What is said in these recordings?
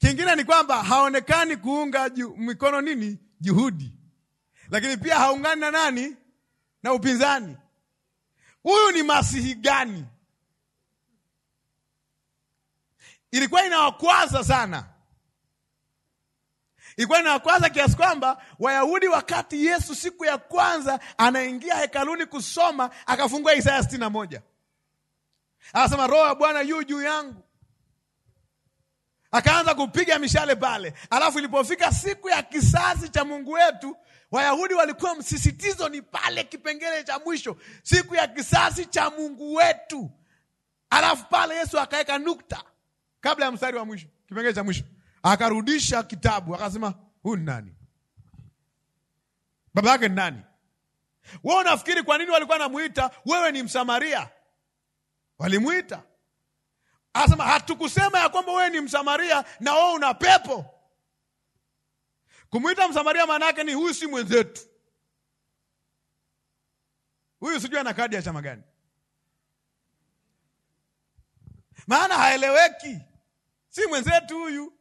Kingine ni kwamba haonekani kuunga ju, mikono nini juhudi, lakini pia haungani na nani na upinzani. Huyu ni masihi gani? Ilikuwa inawakwaza sana, ilikuwa inawakwaza kiasi kwamba Wayahudi, wakati Yesu siku ya kwanza anaingia hekaluni kusoma, akafungua Isaya sitini na moja, akasema roho ya Bwana yu juu yangu akaanza kupiga mishale pale. Alafu ilipofika siku ya kisasi cha Mungu wetu, Wayahudi walikuwa msisitizo ni pale kipengele cha mwisho, siku ya kisasi cha Mungu wetu. Alafu pale Yesu akaweka nukta kabla ya mstari wa mwisho, kipengele cha mwisho, akarudisha kitabu, akasema huyu ni nani? Baba yake ni nani? Wewe unafikiri kwa nini walikuwa namuita wewe ni Msamaria? Walimwita asema hatukusema ya kwamba wewe ni Msamaria na wewe una pepo. Kumwita Msamaria maana yake ni huyu si mwenzetu, huyu sijui ana kadi ya chama gani, maana haeleweki, si mwenzetu huyu.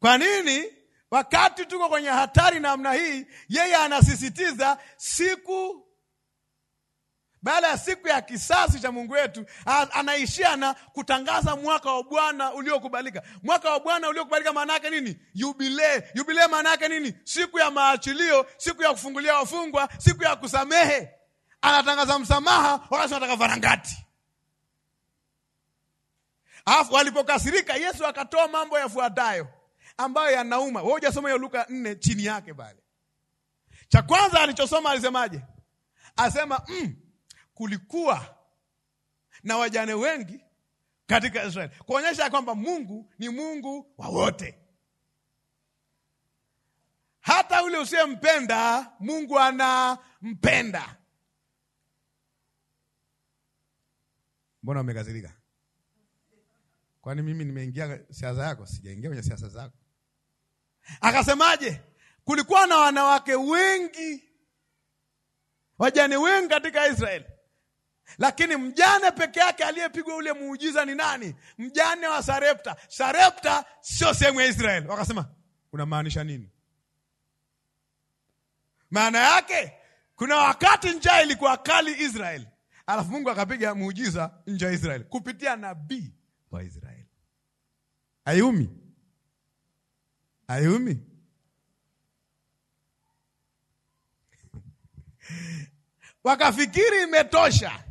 Kwa nini wakati tuko kwenye hatari namna hii, yeye anasisitiza siku baada ya siku ya kisasi cha Mungu wetu anaishia na kutangaza mwaka wa Bwana uliokubalika. Mwaka wa Bwana uliokubalika maana yake nini? Yubile. Yubile maana yake nini? Siku ya maachilio, siku ya kufungulia wafungwa, siku ya kusamehe. Anatangaza msamaha, wala anataka varangati. Alafu walipokasirika, Yesu akatoa mambo yafuatayo ambayo yanauma. Wewe hujasoma hiyo Luka nne chini yake pale. Cha kwanza alichosoma alisemaje? Asema mm, kulikuwa na wajane wengi katika Israeli, kuonyesha kwamba Mungu ni Mungu wa wote, hata ule usiyempenda Mungu anampenda. Mbona umekasirika? Kwani mimi nimeingia siasa yako? Sijaingia kwenye siasa zako. Akasemaje? Kulikuwa na wanawake wengi, wajane wengi katika Israeli lakini mjane peke yake aliyepigwa ule muujiza ni nani? Mjane wa Sarepta. Sarepta sio sehemu ya israel Wakasema unamaanisha nini? Maana yake kuna wakati njaa ilikuwa kali Israel, alafu Mungu akapiga muujiza nje ya israel kupitia nabii wa israel Ayumi ayumi wakafikiri imetosha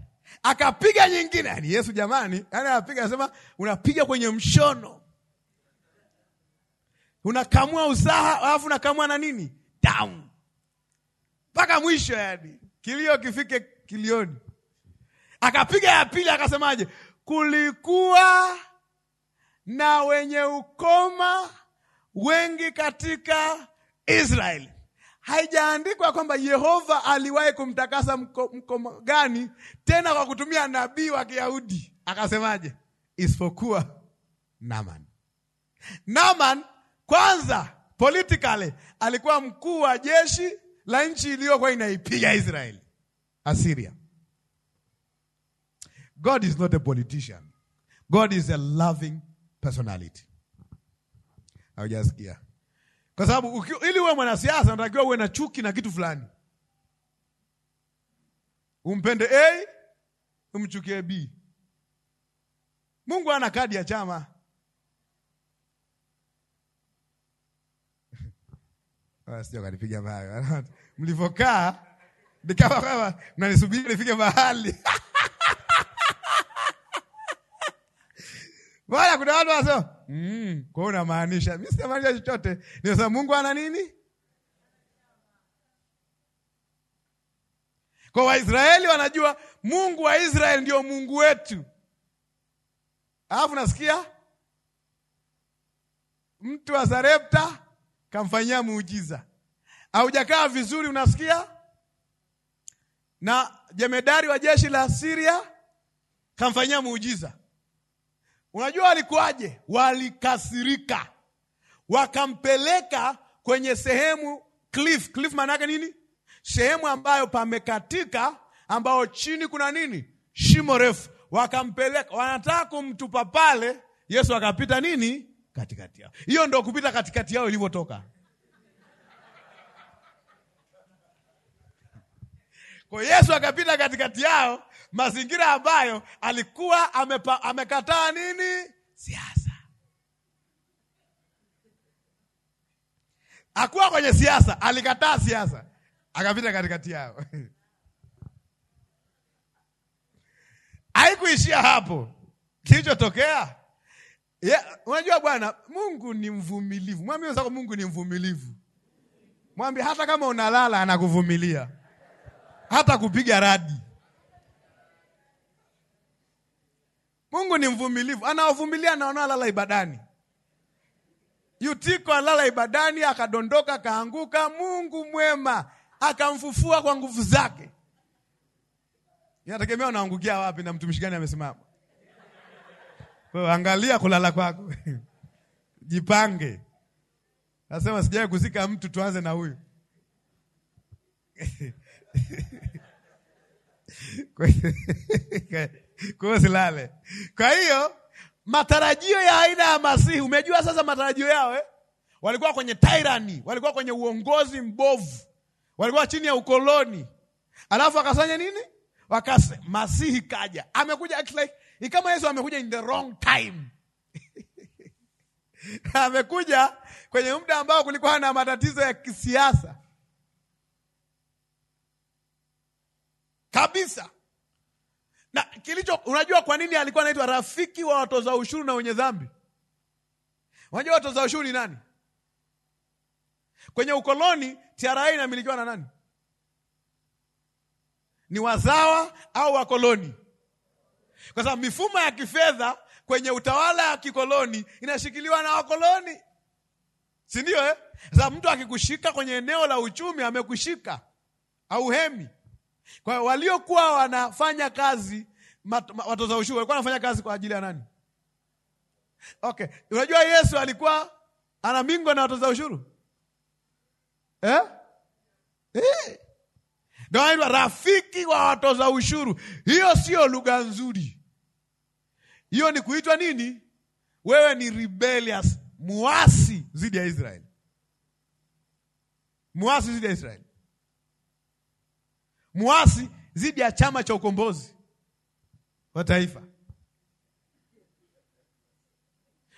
akapiga nyingine. Yani Yesu jamani, yani anapiga, anasema unapiga kwenye mshono, unakamua usaha, alafu unakamua na nini damu mpaka mwisho, yani kilio kifike kilioni. Akapiga ya pili, akasemaje? Kulikuwa na wenye ukoma wengi katika Israeli, haijaandikwa kwamba Yehova aliwahi kumtakasa mkomo gani, tena kwa kutumia nabii wa Kiyahudi. Akasemaje? Isipokuwa Naman. Naman kwanza, politically alikuwa mkuu wa jeshi la nchi iliyokuwa inaipiga Israeli, Asiria. God is not a politician. God is a loving personality. Aujasikia? Kwa sababu ili uwe mwanasiasa unatakiwa uwe na chuki na kitu fulani, umpende A umchukie B. Mungu ana kadi ya chama. Sio kanipiga mahali mlivyokaa, ni kama mnanisubiri nifike mahali Mbona kuna watu wasio mm, kwa unamaanisha. Mimi sijamaanisha chochote, nimesema Mungu ana nini kwa Waisraeli. Wanajua Mungu wa Israeli ndio Mungu wetu. Alafu nasikia mtu wa Sarepta kamfanyia muujiza, haujakaa vizuri, unasikia na jemedari wa jeshi la Siria kamfanyia muujiza Unajua walikuwaje? Walikasirika, wakampeleka kwenye sehemu cliff. Cliff maana yake nini? Sehemu ambayo pamekatika, ambayo chini kuna nini? Shimo refu. Wakampeleka, wanataka kumtupa pale. Yesu akapita nini katikati yao. Hiyo ndo kupita katikati yao ilivyotoka. Kwa Yesu akapita katikati yao, mazingira ambayo alikuwa amepa, amekataa nini? Siasa. akuwa kwenye siasa, alikataa siasa, akapita katikati yao. Haikuishia hapo. Kilichotokea yeah, unajua bwana Mungu ni mvumilivu. Mwambie wenzako Mungu ni mvumilivu, mwambie hata kama unalala anakuvumilia hata kupiga radi. Mungu ni mvumilivu, anawavumilia na wanaolala ibadani. Yutiko alala ibadani, akadondoka, akaanguka. Mungu mwema akamfufua kwa nguvu zake. Inategemea unaangukia wapi na mtumishi gani amesimama. Wewe angalia kulala kwako jipange. Nasema sijawahi kuzika mtu, tuanze na huyu kwa hiyo silale. Kwa hiyo matarajio ya aina ya Masihi, umejua sasa matarajio yao eh? Walikuwa kwenye tairani, walikuwa kwenye uongozi mbovu, walikuwa chini ya ukoloni, alafu wakasanya nini? Wakase Masihi kaja, amekuja like, ni kama Yesu amekuja in the wrong time amekuja kwenye muda ambao kulikuwa na matatizo ya kisiasa kabisa. Na kilicho, unajua kwa nini alikuwa anaitwa rafiki wa watoza ushuru na wenye dhambi? Unajua watoza ushuru ni nani? Kwenye ukoloni TRA inamilikiwa na nani? Ni wazawa au wakoloni? Kwa sababu mifumo ya kifedha kwenye utawala wa kikoloni inashikiliwa na wakoloni, si ndio eh? Sasa mtu akikushika kwenye eneo la uchumi amekushika, au hemi kwa hiyo waliokuwa wanafanya kazi watoza ushuru walikuwa wanafanya kazi kwa ajili ya nani? Okay, unajua Yesu alikuwa ana mbingwa na watoza ushuru eh? Eh. Ndio rafiki wa watoza ushuru. Hiyo sio lugha nzuri, hiyo ni kuitwa nini? Wewe ni rebellious, muasi dhidi ya Israeli, muasi dhidi ya Israeli muasi dhidi ya chama cha ukombozi wa taifa.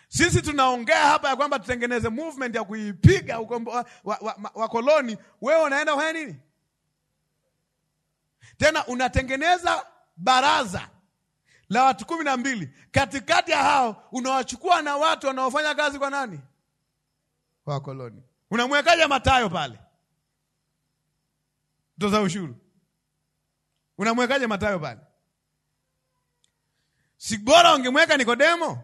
Sisi tunaongea hapa ya kwamba tutengeneze movement ya kuipiga wakoloni wa, wa, wa wewe unaenda kufanya nini tena? Unatengeneza baraza la watu kumi na mbili, katikati ya hao unawachukua na watu wanaofanya kazi kwa nani, wakoloni. Unamwekaje Matayo pale toza ushuru? Unamwekaje Matayo pale? Si bora ungemweka Nikodemo?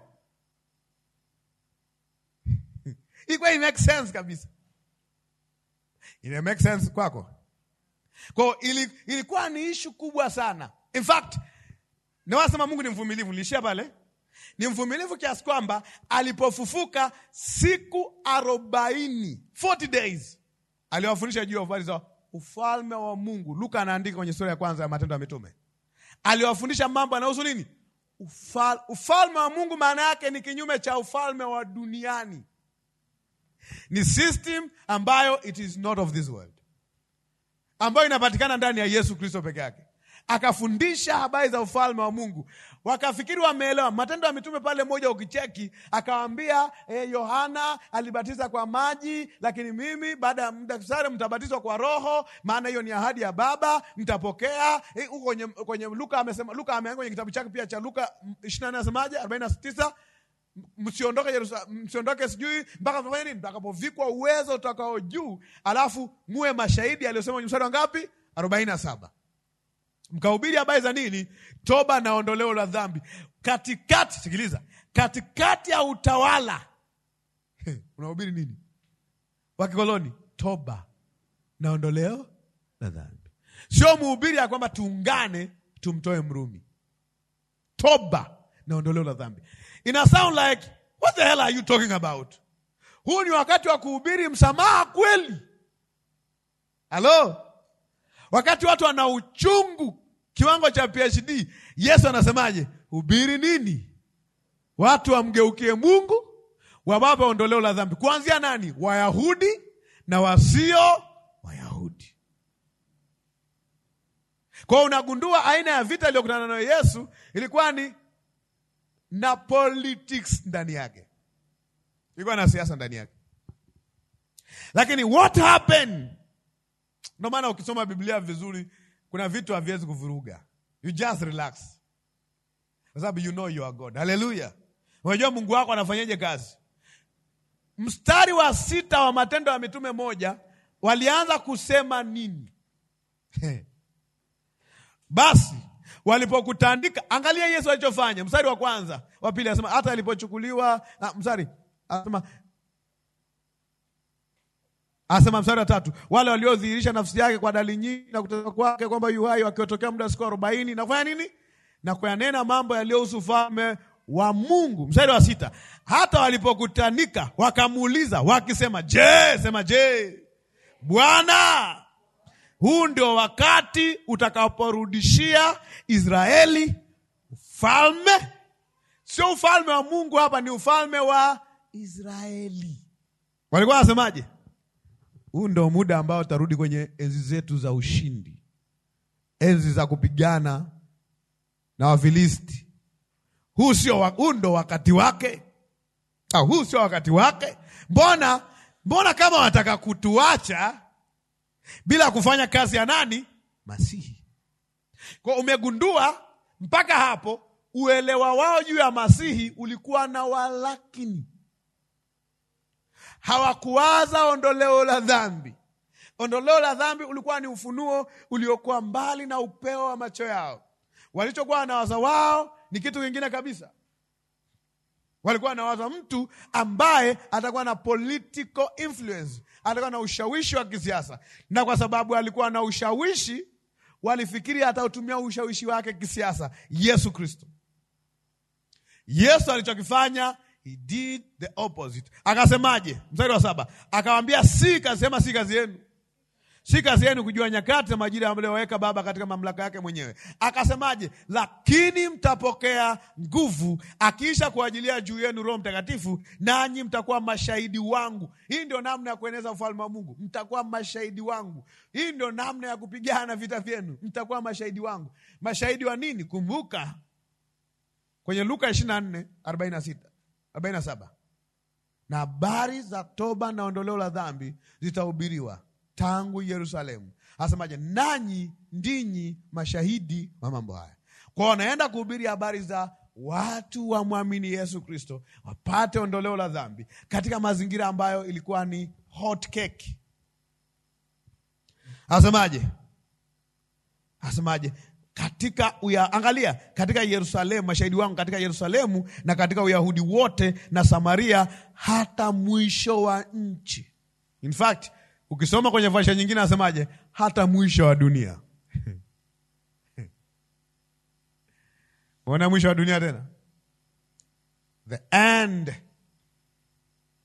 Iko make sense kabisa. Ina make sense kwako? Kwa ili, ilikuwa ni ishu kubwa sana. In fact, nawasema Mungu ni mvumilivu, nilishia pale. Ni mvumilivu kiasi kwamba alipofufuka siku arobaini, 40 days aliwafundisha juu ya habari za ufalme wa Mungu. Luka anaandika kwenye sura ya kwanza ya Matendo ya Mitume, aliwafundisha mambo yanayohusu nini? Ufal, ufalme wa Mungu maana yake ni kinyume cha ufalme wa duniani, ni system ambayo it is not of this world, ambayo inapatikana ndani ya Yesu Kristo peke yake. Akafundisha habari za ufalme wa Mungu wakafikiri wameelewa. Matendo ya Mitume pale moja, ukicheki akawaambia eh, Yohana e, alibatiza kwa maji, lakini mimi baada ya muda sare mtabatizwa kwa Roho, maana hiyo ni ahadi ya Baba, mtapokea eh, huko e, kwenye Luka amesema, Luka ameanga kwenye kitabu chake pia cha Luka mm, ishirini na nane asemaje, arobaini na tisa msiondoke Yerusalemu, msiondoke sijui mpaka fanya nini, mtakapovikwa uwezo utakao juu, alafu muwe mashahidi aliyosema kwenye mstari wa ngapi? arobaini na saba mkahubiri habari za nini? toba na ondoleo la dhambi katikati. Sikiliza, katikati ya utawala hey, unahubiri nini wa kikoloni? Toba na ondoleo la dhambi, sio mhubiri ya kwamba tuungane tumtoe Mrumi. Toba na ondoleo la dhambi, ina sound like what the hell are you talking about? Huu ni wakati wa kuhubiri msamaha kweli. Halo, wakati watu wana uchungu kiwango cha PhD. Yesu anasemaje? Hubiri nini? Watu wamgeukie Mungu, wababa ondoleo la dhambi, kuanzia nani? Wayahudi na wasio Wayahudi. Kwa unagundua aina ya vita iliyokutana nayo Yesu ilikuwa ni na politics ndani yake, ilikuwa na siasa ndani yake. Lakini what happened? Ndio maana ukisoma Biblia vizuri kuna vitu haviwezi kuvuruga. You just relax, kwa sababu you know you are God. Haleluya! Unajua Mungu wako anafanyaje kazi. Mstari wa sita wa Matendo ya Mitume moja, walianza kusema nini? Basi walipokutandika, angalia Yesu alichofanya. Mstari wa kwanza, wa pili anasema hata alipochukuliwa, ah, mstari anasema Asema mstari wa tatu, wale waliodhihirisha nafsi yake kwa dalili nyingi na kutoka kwake kwamba yu hai, wakiotokea muda wa siku arobaini na kufanya nini na kuyanena mambo yaliyohusu ufalme wa Mungu. Mstari wa sita, hata walipokutanika wakamuuliza wakisema, je, sema je, Bwana, huu ndio wakati utakaporudishia Israeli ufalme? Sio ufalme wa Mungu hapa, ni ufalme wa Israeli. Walikuwa wanasemaje? Huu ndo muda ambao tarudi kwenye enzi zetu za ushindi, enzi za kupigana na Wafilisti. Huu sio, huu ndo wakati wake? Au ah, huu sio wakati wake? Mbona, mbona kama wataka kutuacha bila kufanya kazi ya nani? Masihi. Kwa umegundua mpaka hapo uelewa wao juu ya Masihi ulikuwa na walakini hawakuwaza ondoleo la dhambi. Ondoleo la dhambi ulikuwa ni ufunuo uliokuwa mbali na upeo wa macho yao. Walichokuwa wanawaza wao ni kitu kingine kabisa. Walikuwa wanawaza mtu ambaye atakuwa na political influence, atakuwa na ushawishi wa kisiasa, na kwa sababu alikuwa na ushawishi, walifikiri atautumia ushawishi wake kisiasa. Yesu Kristo, Yesu alichokifanya He did the opposite. Akasemaje? Mstari wa saba akawambia, si kazi sema, si kazi yenu, si kazi yenu kujua nyakati na majira amliyoweka Baba katika mamlaka yake mwenyewe. Akasemaje? lakini mtapokea nguvu akiisha kuajilia juu yenu Roho Mtakatifu, nanyi mtakuwa mashahidi wangu. Hii ndio namna ya kueneza ufalme wa Mungu, mtakuwa mashahidi wangu. Hii ndio namna ya kupigana vita vyenu, mtakuwa mashahidi wangu. Mashahidi wa nini? Kumbuka kwenye Luka 24:46 arobaini na saba na habari za toba na ondoleo la dhambi zitahubiriwa tangu Yerusalemu. Asemaje? nanyi ndinyi mashahidi wa mambo haya. Kwao wanaenda kuhubiri habari za watu wamwamini Yesu Kristo wapate ondoleo la dhambi katika mazingira ambayo ilikuwa ni hot cake. Asemaje? Asemaje? katika uya, angalia katika Yerusalemu, mashahidi wangu katika Yerusalemu na katika Uyahudi wote na Samaria, hata mwisho wa nchi. In fact ukisoma kwenye fasha nyingine anasemaje? Hata mwisho wa dunia ona mwisho wa dunia tena, the end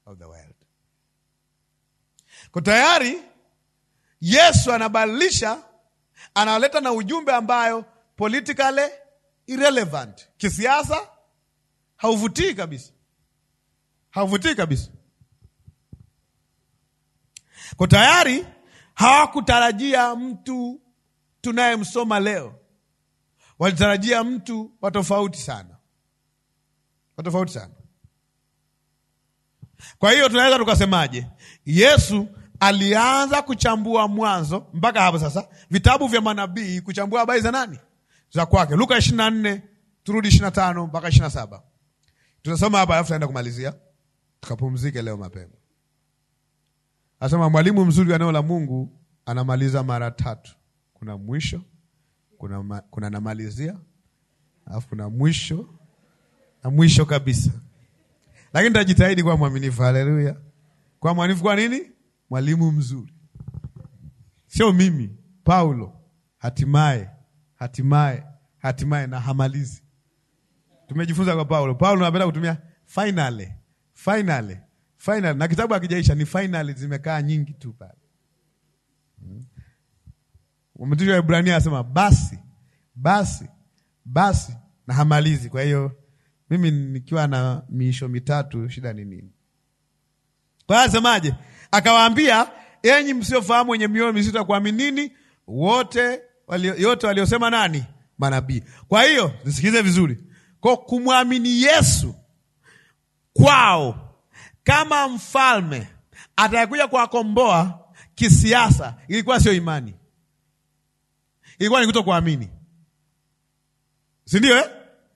of the world. Kwa tayari Yesu anabadilisha analeta na ujumbe ambayo politically irrelevant, kisiasa hauvutii kabisa, hauvutii kabisa. Kwa tayari hawakutarajia mtu tunayemsoma leo, walitarajia mtu watofauti sana, watofauti sana. Kwa hiyo tunaweza tukasemaje? Yesu alianza kuchambua Mwanzo mpaka hapo sasa, vitabu vya manabii, kuchambua habari za nani za kwake. Luka ishirini nne turudi ishirini tano mpaka ishirini saba tutasoma hapa, alafu tutaenda kumalizia, tukapumzike leo mapema. Anasema mwalimu mzuri wa neno la Mungu anamaliza mara tatu. Kuna mwisho, kuna, ma, kuna namalizia, alafu kuna mwisho na mwisho kabisa. Lakini tajitahidi kuwa mwaminifu. Haleluya, kuwa mwaminifu kwa nini? mwalimu mzuri, sio mimi. Paulo hatimaye, hatimaye, hatimaye na hamalizi. Tumejifunza kwa Paulo. Paulo anapenda kutumia finale, finale, finally, na kitabu hakijaisha, ni finally zimekaa nyingi tu pale. Hmm. Mtumishi wa Ibrania anasema basi, basi, basi na hamalizi. Kwa hiyo mimi nikiwa na miisho mitatu, shida ni nini? Kwa hiyo asemaje? akawaambia, enyi msiofahamu wenye mioyo mizito ya kuaminini, wote walio, yote waliosema nani? Manabii. Kwa hiyo nisikilize vizuri, kwa kumwamini Yesu kwao kama mfalme atayekuja kuwakomboa kisiasa, ilikuwa sio imani, ilikuwa ni kuto kuamini, si ndio eh?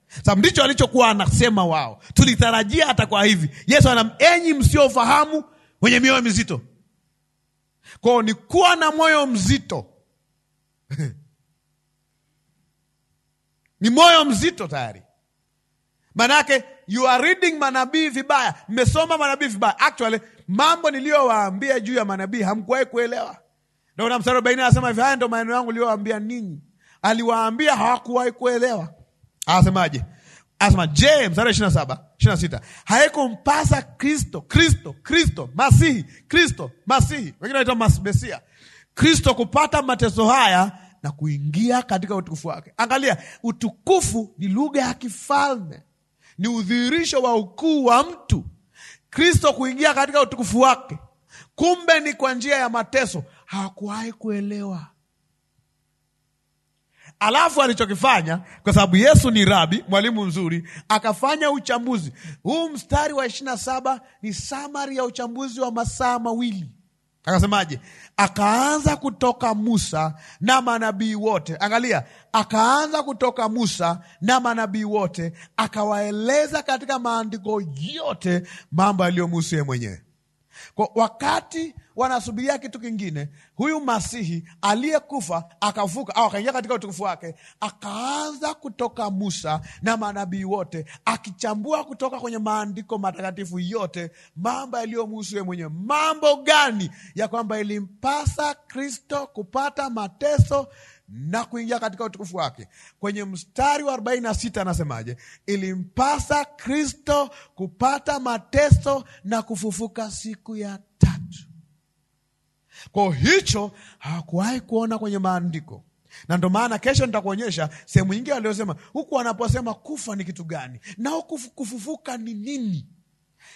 Sasa ndicho alichokuwa anasema wao, tulitarajia hata kwa hivi. Yesu anam, enyi msiofahamu wenye mioyo mizito. Kwao ni kuwa na moyo mzito ni moyo mzito tayari, maanake you are reading manabii vibaya, mmesoma manabii vibaya. Actually mambo niliyowaambia juu ya manabii hamkuwahi kuelewa. Ndio na mstari arobaini anasema hivi, haya ndo maneno yangu niliyowaambia ninyi. Aliwaambia hawakuwahi kuelewa. Anasemaje? Anasema je, mstari ishirini na saba ishirini na sita haikumpasa Kristo, Kristo, Kristo Masihi, Kristo Masihi, wengine wanaita Mesia, Kristo kupata mateso haya na kuingia katika utukufu wake. Angalia, utukufu ni lugha ya kifalme, ni udhihirisho wa ukuu wa mtu. Kristo kuingia katika utukufu wake, kumbe ni kwa njia ya mateso. Hawakuwahi kuelewa Alafu alichokifanya kwa sababu Yesu ni rabi, mwalimu mzuri, akafanya uchambuzi huu. Mstari wa ishirini na saba ni samari ya uchambuzi wa masaa mawili. Akasemaje? Akaanza kutoka Musa na manabii wote. Angalia, akaanza kutoka Musa na manabii wote, akawaeleza katika maandiko yote mambo yaliyomhusu yeye mwenyewe. Kwa wakati wanasubiria kitu kingine. Huyu Masihi aliyekufa akavuka au akaingia katika utukufu wake, akaanza kutoka Musa na manabii wote, akichambua kutoka kwenye maandiko matakatifu yote mambo yaliyomhusu yeye mwenyewe, mambo gani ya kwamba ilimpasa Kristo kupata mateso na kuingia katika utukufu wake. Kwenye mstari wa 46 anasemaje? Ilimpasa Kristo kupata mateso na kufufuka siku ya tatu. Kwa hicho hawakuwahi kuona kwenye maandiko, na ndo maana kesho nitakuonyesha sehemu nyingine waliosema huku, wanaposema kufa ni kitu gani nao kufu, kufufuka ni nini.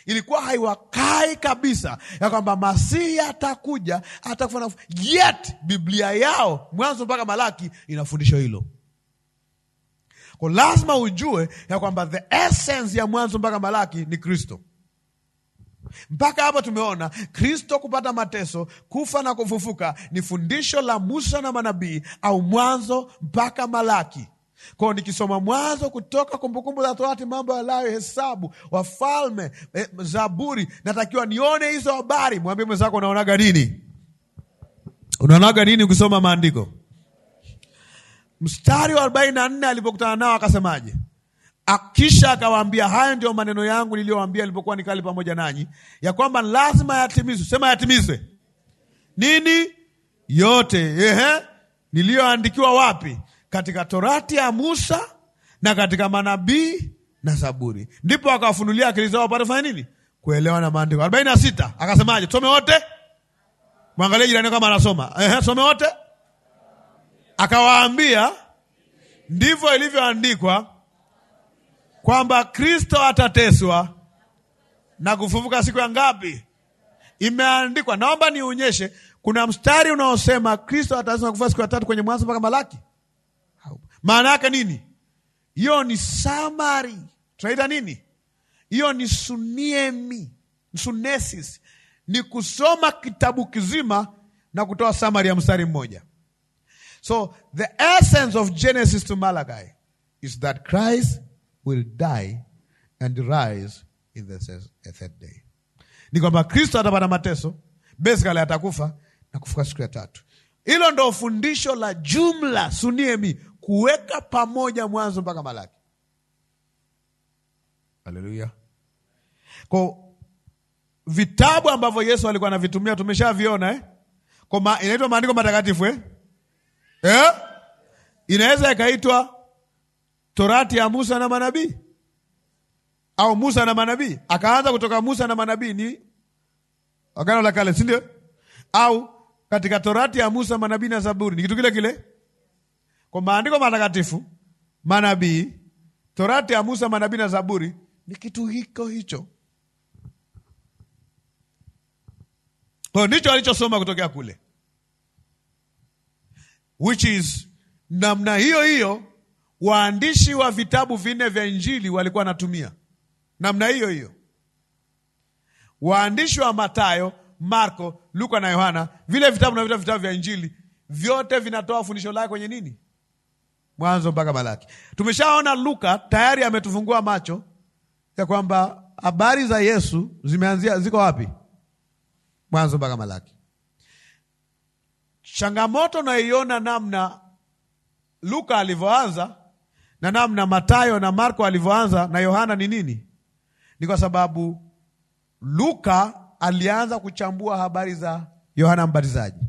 Ilikuwa haiwakai kabisa ya kwamba Masihi atakuja atakufa yet, Biblia yao Mwanzo mpaka Malaki inafundisha hilo. Kwa lazima ujue ya kwamba the essence ya Mwanzo mpaka Malaki ni Kristo. Mpaka hapo tumeona Kristo kupata mateso, kufa na kufufuka ni fundisho la Musa na manabii, au Mwanzo mpaka Malaki. Kwao nikisoma Mwanzo, Kutoka, Kumbukumbu la Torati, Mambo ya Lawi, Hesabu, Wafalme, e, Zaburi, natakiwa nione hizo habari. Mwambie mwenzako, unaonaga nini? Unaonaga nini ukisoma maandiko? Mstari wa arobaini na nne alipokutana nao akasemaje? Akisha akawaambia, haya ndio maneno yangu niliyowaambia nilipokuwa nikali pamoja nanyi, ya kwamba lazima yatimizwe. Sema yatimizwe nini? Yote ehe, niliyoandikiwa wapi? Katika Torati ya Musa na katika manabii na Zaburi. Ndipo akawafunulia akili zao wapate fanya nini? Kuelewa na maandiko. arobaini na sita akasemaje? Tusome wote, mwangalie jirani kama anasoma. Ehe, some wote. Akawaambia, ndivyo ilivyoandikwa kwamba Kristo atateswa na kufufuka siku ya ngapi? Imeandikwa. Naomba nionyeshe, kuna mstari unaosema Kristo atateswa na kufufuka siku ya tatu kwenye Mwanzo mpaka Malaki. Maana yake nini? Hiyo ni samari tunaita nini hiyo? Ni suniemi, sunesis, ni kusoma kitabu kizima na kutoa samari ya mstari mmoja. So the essence of Genesis to Malachi is that Christ will die and rise in the third day. Ni kwamba Kristo atapata mateso, basically atakufa na kufuka siku ya tatu. Hilo ndo fundisho la jumla suniemi, kuweka pamoja Mwanzo mpaka Malaki. Haleluya! Kwa vitabu ambavyo Yesu alikuwa anavitumia tumeshaviona eh? Kwa inaitwa maandiko matakatifu eh? Eh? Inaweza ikaitwa torati ya Musa na manabii au Musa na manabii, akaanza kutoka Musa na manabii ni agano la kale, si ndio? Au katika torati ya Musa, manabii na Zaburi ni kitu kile kile, kwa maandiko matakatifu, manabii, torati ya Musa, manabii na Zaburi ni kitu hiko hicho. Kwa ndicho alichosoma kutokea kule, which is namna hiyo hiyo waandishi wa vitabu vinne vya Injili walikuwa wanatumia namna hiyo hiyo. Waandishi wa matayo Marko, Luka na Yohana, vile vitabu na vita vitabu vya Injili vyote vinatoa fundisho lake kwenye nini? Mwanzo mpaka Malaki. Tumeshaona Luka tayari ametufungua macho ya kwamba habari za Yesu zimeanzia ziko wapi? Mwanzo mpaka Malaki. Changamoto naiona namna Luka alivyoanza na namna Matayo na Marko alivyoanza na Yohana ni nini? Ni kwa sababu Luka alianza kuchambua habari za Yohana Mbatizaji,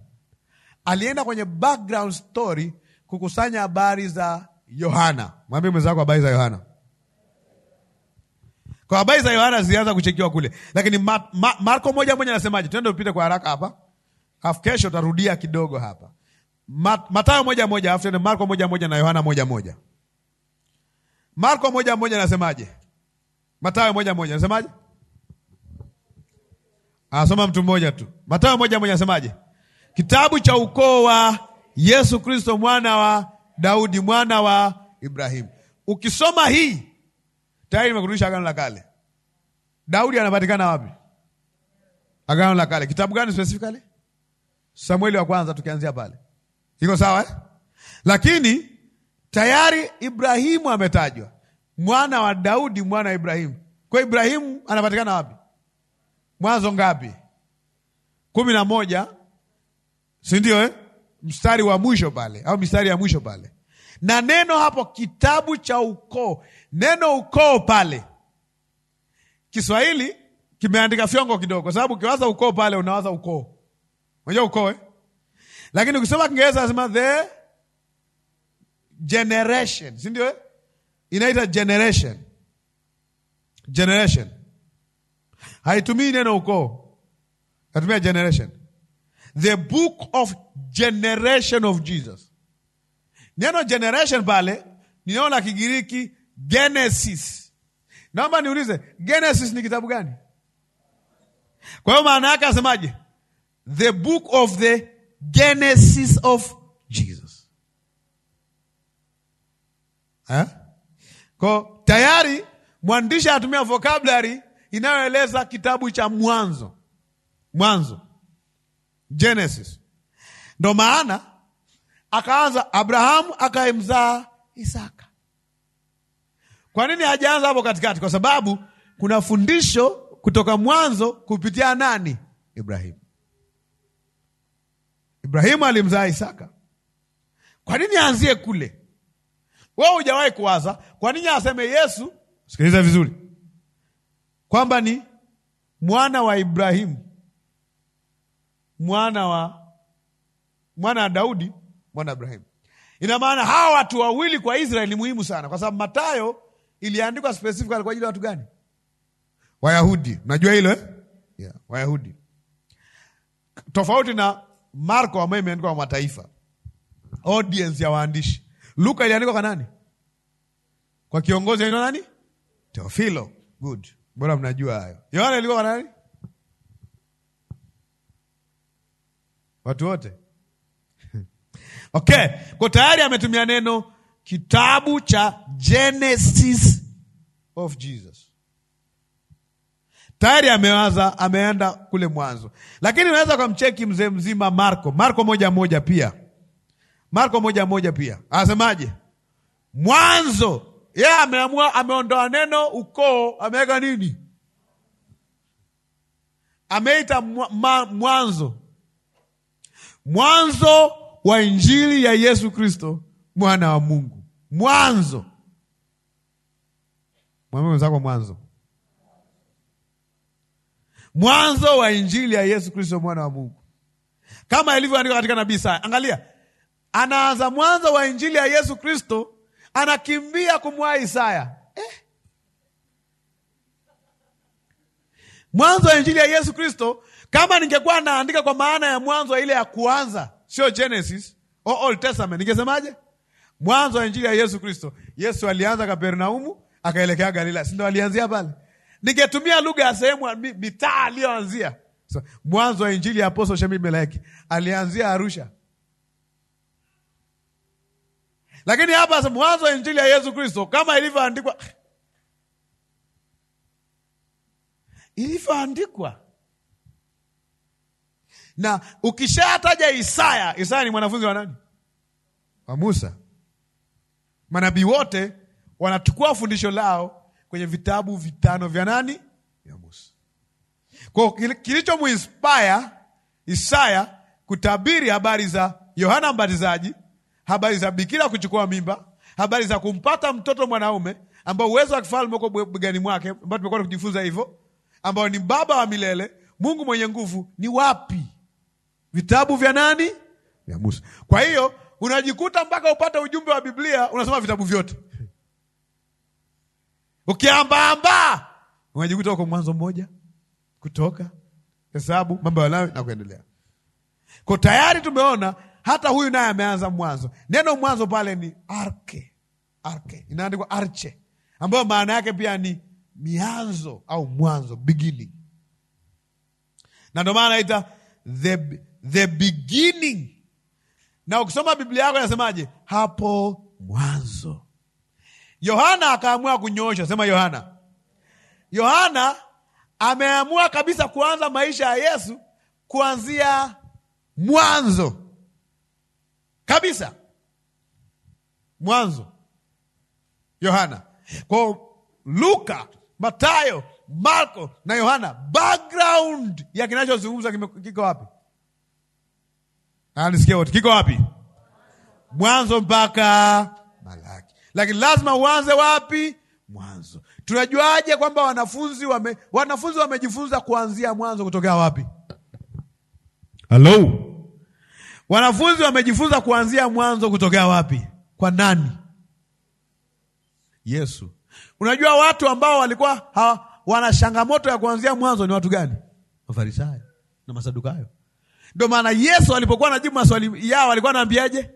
alienda kwenye background story kukusanya habari za Yohana. Mwambie mwenzako habari za Yohana. Kwa habari za Yohana zilianza kuchekiwa kule, lakini ma, ma, Marko moja moja anasemaje? Twende upite kwa haraka hapa, alafu kesho utarudia kidogo hapa. Mat, Matayo moja moja, afu tuende Marko moja moja na Yohana moja moja. Marko moja moja nasemaje? Matayo moja moja nasemaje? Asoma mtu mmoja tu. Matayo moja moja nasemaje? Kitabu cha ukoo wa Yesu Kristo mwana wa Daudi mwana wa Ibrahimu. Ukisoma hii tayari nimekurudisha Agano la Kale. Daudi anapatikana wapi? Agano la Kale. Kitabu gani specifically? Samueli wa kwanza tukianzia pale. Iko sawa eh? Lakini Tayari Ibrahimu ametajwa, mwana wa Daudi, mwana wa Ibrahimu. Kwa Ibrahimu anapatikana wapi? Mwanzo ngapi? kumi na moja, si ndio eh? Mstari wa mwisho pale, au mstari ya mwisho pale, na neno hapo kitabu cha ukoo. Neno ukoo pale Kiswahili kimeandika fyongo kidogo, kwa sababu ukiwaza ukoo pale unawaza ukoo, unajua ukoo eh? Lakini ukisema Kiingereza nasema the generation, si ndio? Eh? Inaita generation, generation. Haitumii neno ukoo, natumia generation. The book of generation of Jesus. Neno generation pale ni neno la Kigiriki Genesis. Naomba niulize, Genesis ni kitabu gani? Kwa hiyo maana yake asemaje? The book of the Genesis of Eh? Ko tayari mwandishi anatumia vocabulary inayoeleza kitabu cha mwanzo mwanzo Genesis. Ndo maana akaanza Abrahamu akayemzaa Isaka. Kwa nini hajaanza hapo katikati? Kwa sababu kuna fundisho kutoka mwanzo kupitia nani? Ibrahimu. Ibrahimu alimzaa Isaka. Kwa nini aanzie kule? Wewe hujawahi kuwaza kwa nini aseme Yesu, sikiliza vizuri, kwamba ni mwana wa Ibrahimu, mwana wa mwana wa Daudi, mwana wa Ibrahimu. Ina maana hawa watu wawili kwa Israeli ni muhimu sana, kwa sababu Mathayo iliandikwa specifically kwa ajili ya watu gani? Wayahudi. Unajua hilo eh? Yeah, Wayahudi, tofauti na Marko ambaye imeandikwa kwa mataifa, audience ya waandishi Luka iliandikwa kwa nani? Kwa kiongozi anaitwa nani? Teofilo. Good, bora mnajua hayo. Yohana ilikuwa kwa nani? Watu wote. Okay, kwa tayari ametumia neno kitabu cha Genesis of Jesus tayari amewaza, ameenda kule mwanzo, lakini unaweza kumcheki mzee mzima Marko, Marko moja moja pia Marko moja moja pia anasemaje? Mwanzo yeye yeah, ameamua, ameondoa neno ukoo, ameweka nini? Ameita mwanzo, mwanzo wa injili ya Yesu Kristo mwana wa Mungu. Mwanzo, mwambie mwenzako, mwanzo, mwanzo wa injili ya Yesu Kristo mwana wa Mungu, kama ilivyoandikwa katika nabii Isaya. Angalia anaanza mwanzo wa injili ya Yesu Kristo, anakimbia kumwaa Isaya eh. Mwanzo wa injili ya Yesu Kristo, kama ningekuwa naandika kwa maana ya mwanzo ile ya kuanza, sio Genesis o Old Testament, ningesemaje? Mwanzo wa injili ya Yesu Kristo. Yesu alianza Kapernaumu akaelekea Galilaya, si alianzia pale? Ningetumia lugha ya sehemu mitaa aliyoanzia. So, mwanzo wa injili ya Apostle Shemi Belaeki alianzia Arusha Lakini hapa mwanzo wa injili ya Yesu Kristo kama ilivyoandikwa, ilivyoandikwa na ukishataja Isaya, Isaya ni mwanafunzi wa nani? Wa Musa. Manabii wote wanachukua fundisho lao kwenye vitabu vitano vya nani? Vya Musa. Kwa kilichomuinspire Isaya kutabiri habari za Yohana Mbatizaji habari za bikira kuchukua mimba, habari za kumpata mtoto mwanaume ambao uwezo wa kifalme uko begani mwake, ambao tumekuwa tukijifunza hivyo, ambao ni baba wa milele, Mungu mwenye nguvu, ni wapi? Vitabu vya nani? Vya Musa. Kwa hiyo unajikuta mpaka upate ujumbe wa Biblia unasoma vitabu vyote, ukiambaamba unajikuta uko Mwanzo mmoja, Kutoka, Hesabu, Mambo ya Lawi na kuendelea. Kwa tayari tumeona hata huyu naye ameanza mwanzo. Neno mwanzo pale ni arke, arke inaandikwa arche, ambayo maana yake pia ni mianzo au mwanzo, beginning. Na ndio maana naita the, the beginning. Na ukisoma Biblia yako inasemaje? Hapo mwanzo Yohana akaamua kunyoosha. Sema Yohana. Yohana ameamua kabisa kuanza maisha ya Yesu kuanzia mwanzo kabisa. Mwanzo, Yohana, kwa Luka, Matayo, Marko na Yohana, background ya kinachozungumza kiko wapi? Anisikia wote, kiko wapi? Mwanzo mpaka Malaki, lakini lazima uanze wapi? Mwanzo. Tunajuaje kwamba wanafunzi wame, wanafunzi wamejifunza kuanzia mwanzo kutokea wapi? Hello? Wanafunzi wamejifunza kuanzia mwanzo kutokea wapi? Kwa nani? Yesu. Unajua watu ambao walikuwa ha, wana changamoto ya kuanzia mwanzo ni watu gani? Mafarisayo na Masadukayo. Ndio maana Yesu alipokuwa anajibu maswali yao alikuwa anaambiaje?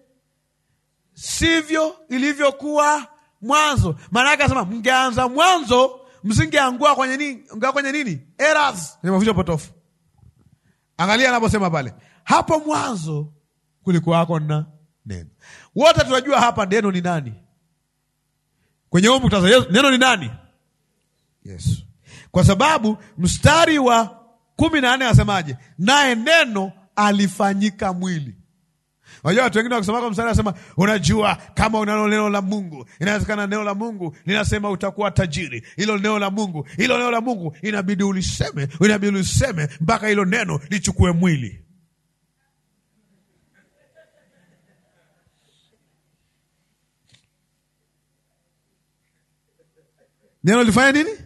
Sivyo ilivyokuwa mwanzo. Maana yake anasema mngeanza mwanzo msingeangua kwenye nini? Mngeangua kwenye nini? Errors, ni mafundisho potofu. Angalia anaposema pale. Hapo mwanzo kulikuwako na neno. Wote tunajua hapa neno ni nani kwenye huu muktadha, neno ni nani? Yesu. Kwa sababu mstari wa kumi na nne anasemaje? Naye neno alifanyika mwili. Unajua watu wengine wakisoma kwa mstari wanasema, unajua kama unalo neno la Mungu, inawezekana neno la Mungu linasema utakuwa tajiri. Hilo neno la Mungu, hilo neno la Mungu inabidi uliseme, inabidi uliseme mpaka hilo neno lichukue mwili. neno lifanya nini?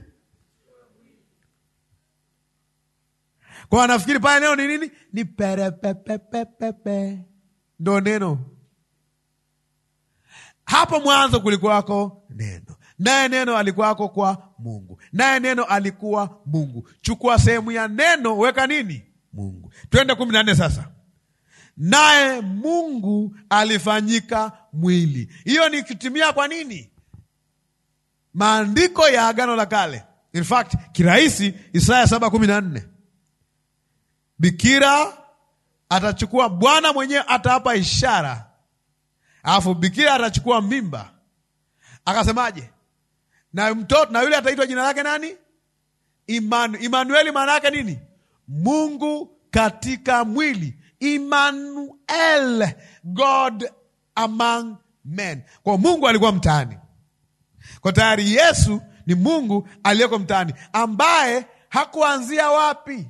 Kwa anafikiri pale neno ni nini? Ni perepepepepepe, ndo neno. Hapo mwanzo kulikuwako neno, naye neno alikuwako kwa Mungu, naye neno alikuwa Mungu. Chukua sehemu ya neno, weka nini? Mungu. Twende kumi na nne sasa. Naye Mungu alifanyika mwili. Hiyo nikitimia kwa nini? maandiko ya Agano la Kale. In fact, kirahisi Isaya saba bikira atachukua, Bwana mwenyewe atawapa ishara, alafu bikira atachukua mimba. Akasemaje? na mtoto na yule ataitwa jina lake nani? Imanu, Imanueli maana yake nini? Mungu katika mwili. Imanuel, God among men. Kwa Mungu alikuwa mtaani kwa tayari Yesu ni Mungu aliyeko mtaani, ambaye hakuanzia wapi?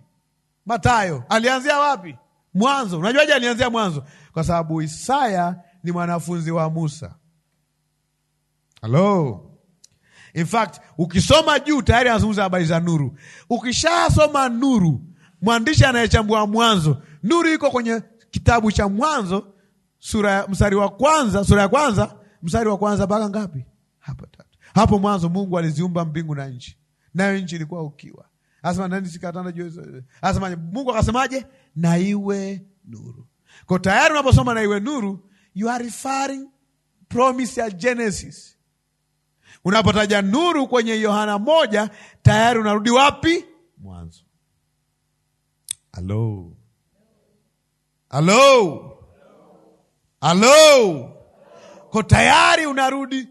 Matayo alianzia wapi? Mwanzo. Unajuaje alianzia mwanzo? Kwa sababu Isaya ni mwanafunzi wa Musa. Halo, in fact ukisoma juu tayari anazungumza habari za nuru. Ukishasoma nuru, mwandishi anayechambua Mwanzo, nuru iko kwenye kitabu cha Mwanzo sura, mstari wa kwanza, sura ya kwanza mstari wa kwanza mpaka ngapi? Hapo mwanzo Mungu aliziumba mbingu na nchi, nayo nchi ilikuwa ukiwa. Asema nani sikatanda juu? Asema Mungu akasemaje? Na iwe nuru. Kwa tayari unaposoma na iwe nuru, you are referring promise ya Genesis. Unapotaja nuru kwenye Yohana moja, tayari unarudi wapi? Mwanzo. Halo, halo, halo, ko tayari unarudi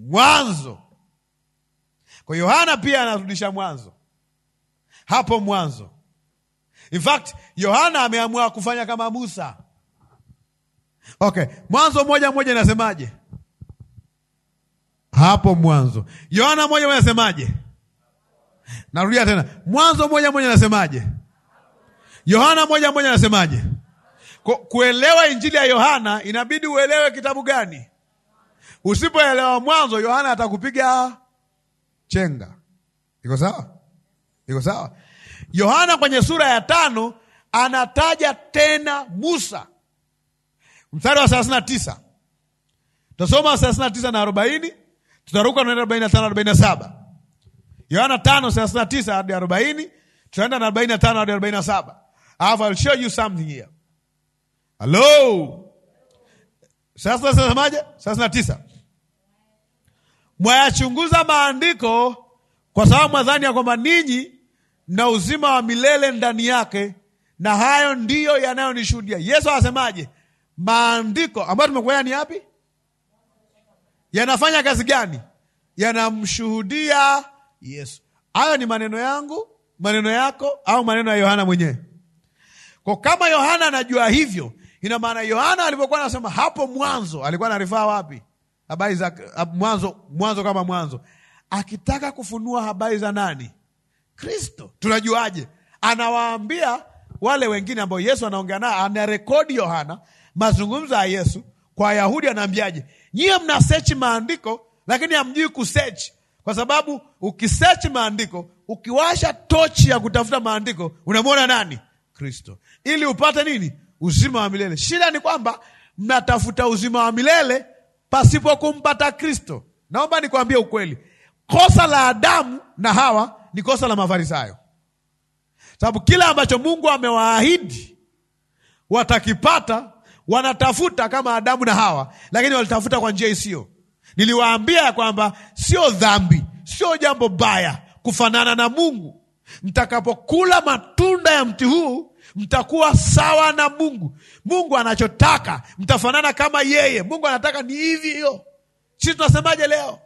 mwanzo. Kwa Yohana pia anarudisha mwanzo, hapo mwanzo. In fact, Yohana ameamua kufanya kama Musa. Okay, Mwanzo moja moja inasemaje? Hapo mwanzo. Yohana moja moja inasemaje? Narudia tena, Mwanzo moja moja inasemaje? Yohana moja moja inasemaje? Kuelewa injili ya Yohana inabidi uelewe kitabu gani? Usipoelewa mwanzo, Yohana atakupiga chenga. Iko sawa? Iko sawa? Yohana kwenye sura ya tano anataja tena Musa, mstari wa thelathini na tisa tutasoma thelathini na tisa na arobaini tutaruka naenda arobaini na tano arobaini na saba Yohana tano thelathini na tisa hadi arobaini tutaenda na arobaini na tano hadi arobaini na saba alafu I'll show you something here. Hello? Sasa nasemaje? thelathini na tisa, mwayachunguza maandiko kwa sababu mwadhani ya kwamba ninyi mna uzima wa milele ndani yake, na hayo ndiyo yanayonishuhudia. Yesu anasemaje? maandiko ambayo tumekuea ni yapi? yanafanya kazi gani? yanamshuhudia Yesu. Hayo ni maneno yangu, maneno yako, au maneno ya Yohana mwenyewe? Kwa kama Yohana anajua hivyo Ina maana Yohana alivyokuwa anasema hapo mwanzo, alikuwa anarifaa wapi? Habari za ah, mwanzo, mwanzo kama mwanzo, akitaka kufunua habari za nani? Kristo. Tunajuaje? Anawaambia wale wengine ambao Yesu anaongea nao, anarekodi Yohana mazungumzo ya Yesu kwa Wayahudi. Anaambiaje? Nyie mna sechi maandiko, lakini hamjui kusechi, kwa sababu ukisechi maandiko, ukiwasha tochi ya kutafuta maandiko, unamwona nani? Kristo, ili upate nini? uzima wa milele. Shida ni kwamba mnatafuta uzima wa milele pasipo kumpata Kristo. Naomba nikwambie ukweli, kosa la Adamu na Hawa ni kosa la Mafarisayo, sababu kila ambacho Mungu amewaahidi watakipata wanatafuta kama Adamu na Hawa, lakini walitafuta kwa njia isiyo. Niliwaambia ya kwamba sio dhambi, sio jambo baya kufanana na Mungu. Mtakapokula matunda ya mti huu mtakuwa sawa na Mungu. Mungu anachotaka mtafanana kama yeye. Mungu anataka ni hivi hiyo. Sisi tunasemaje leo?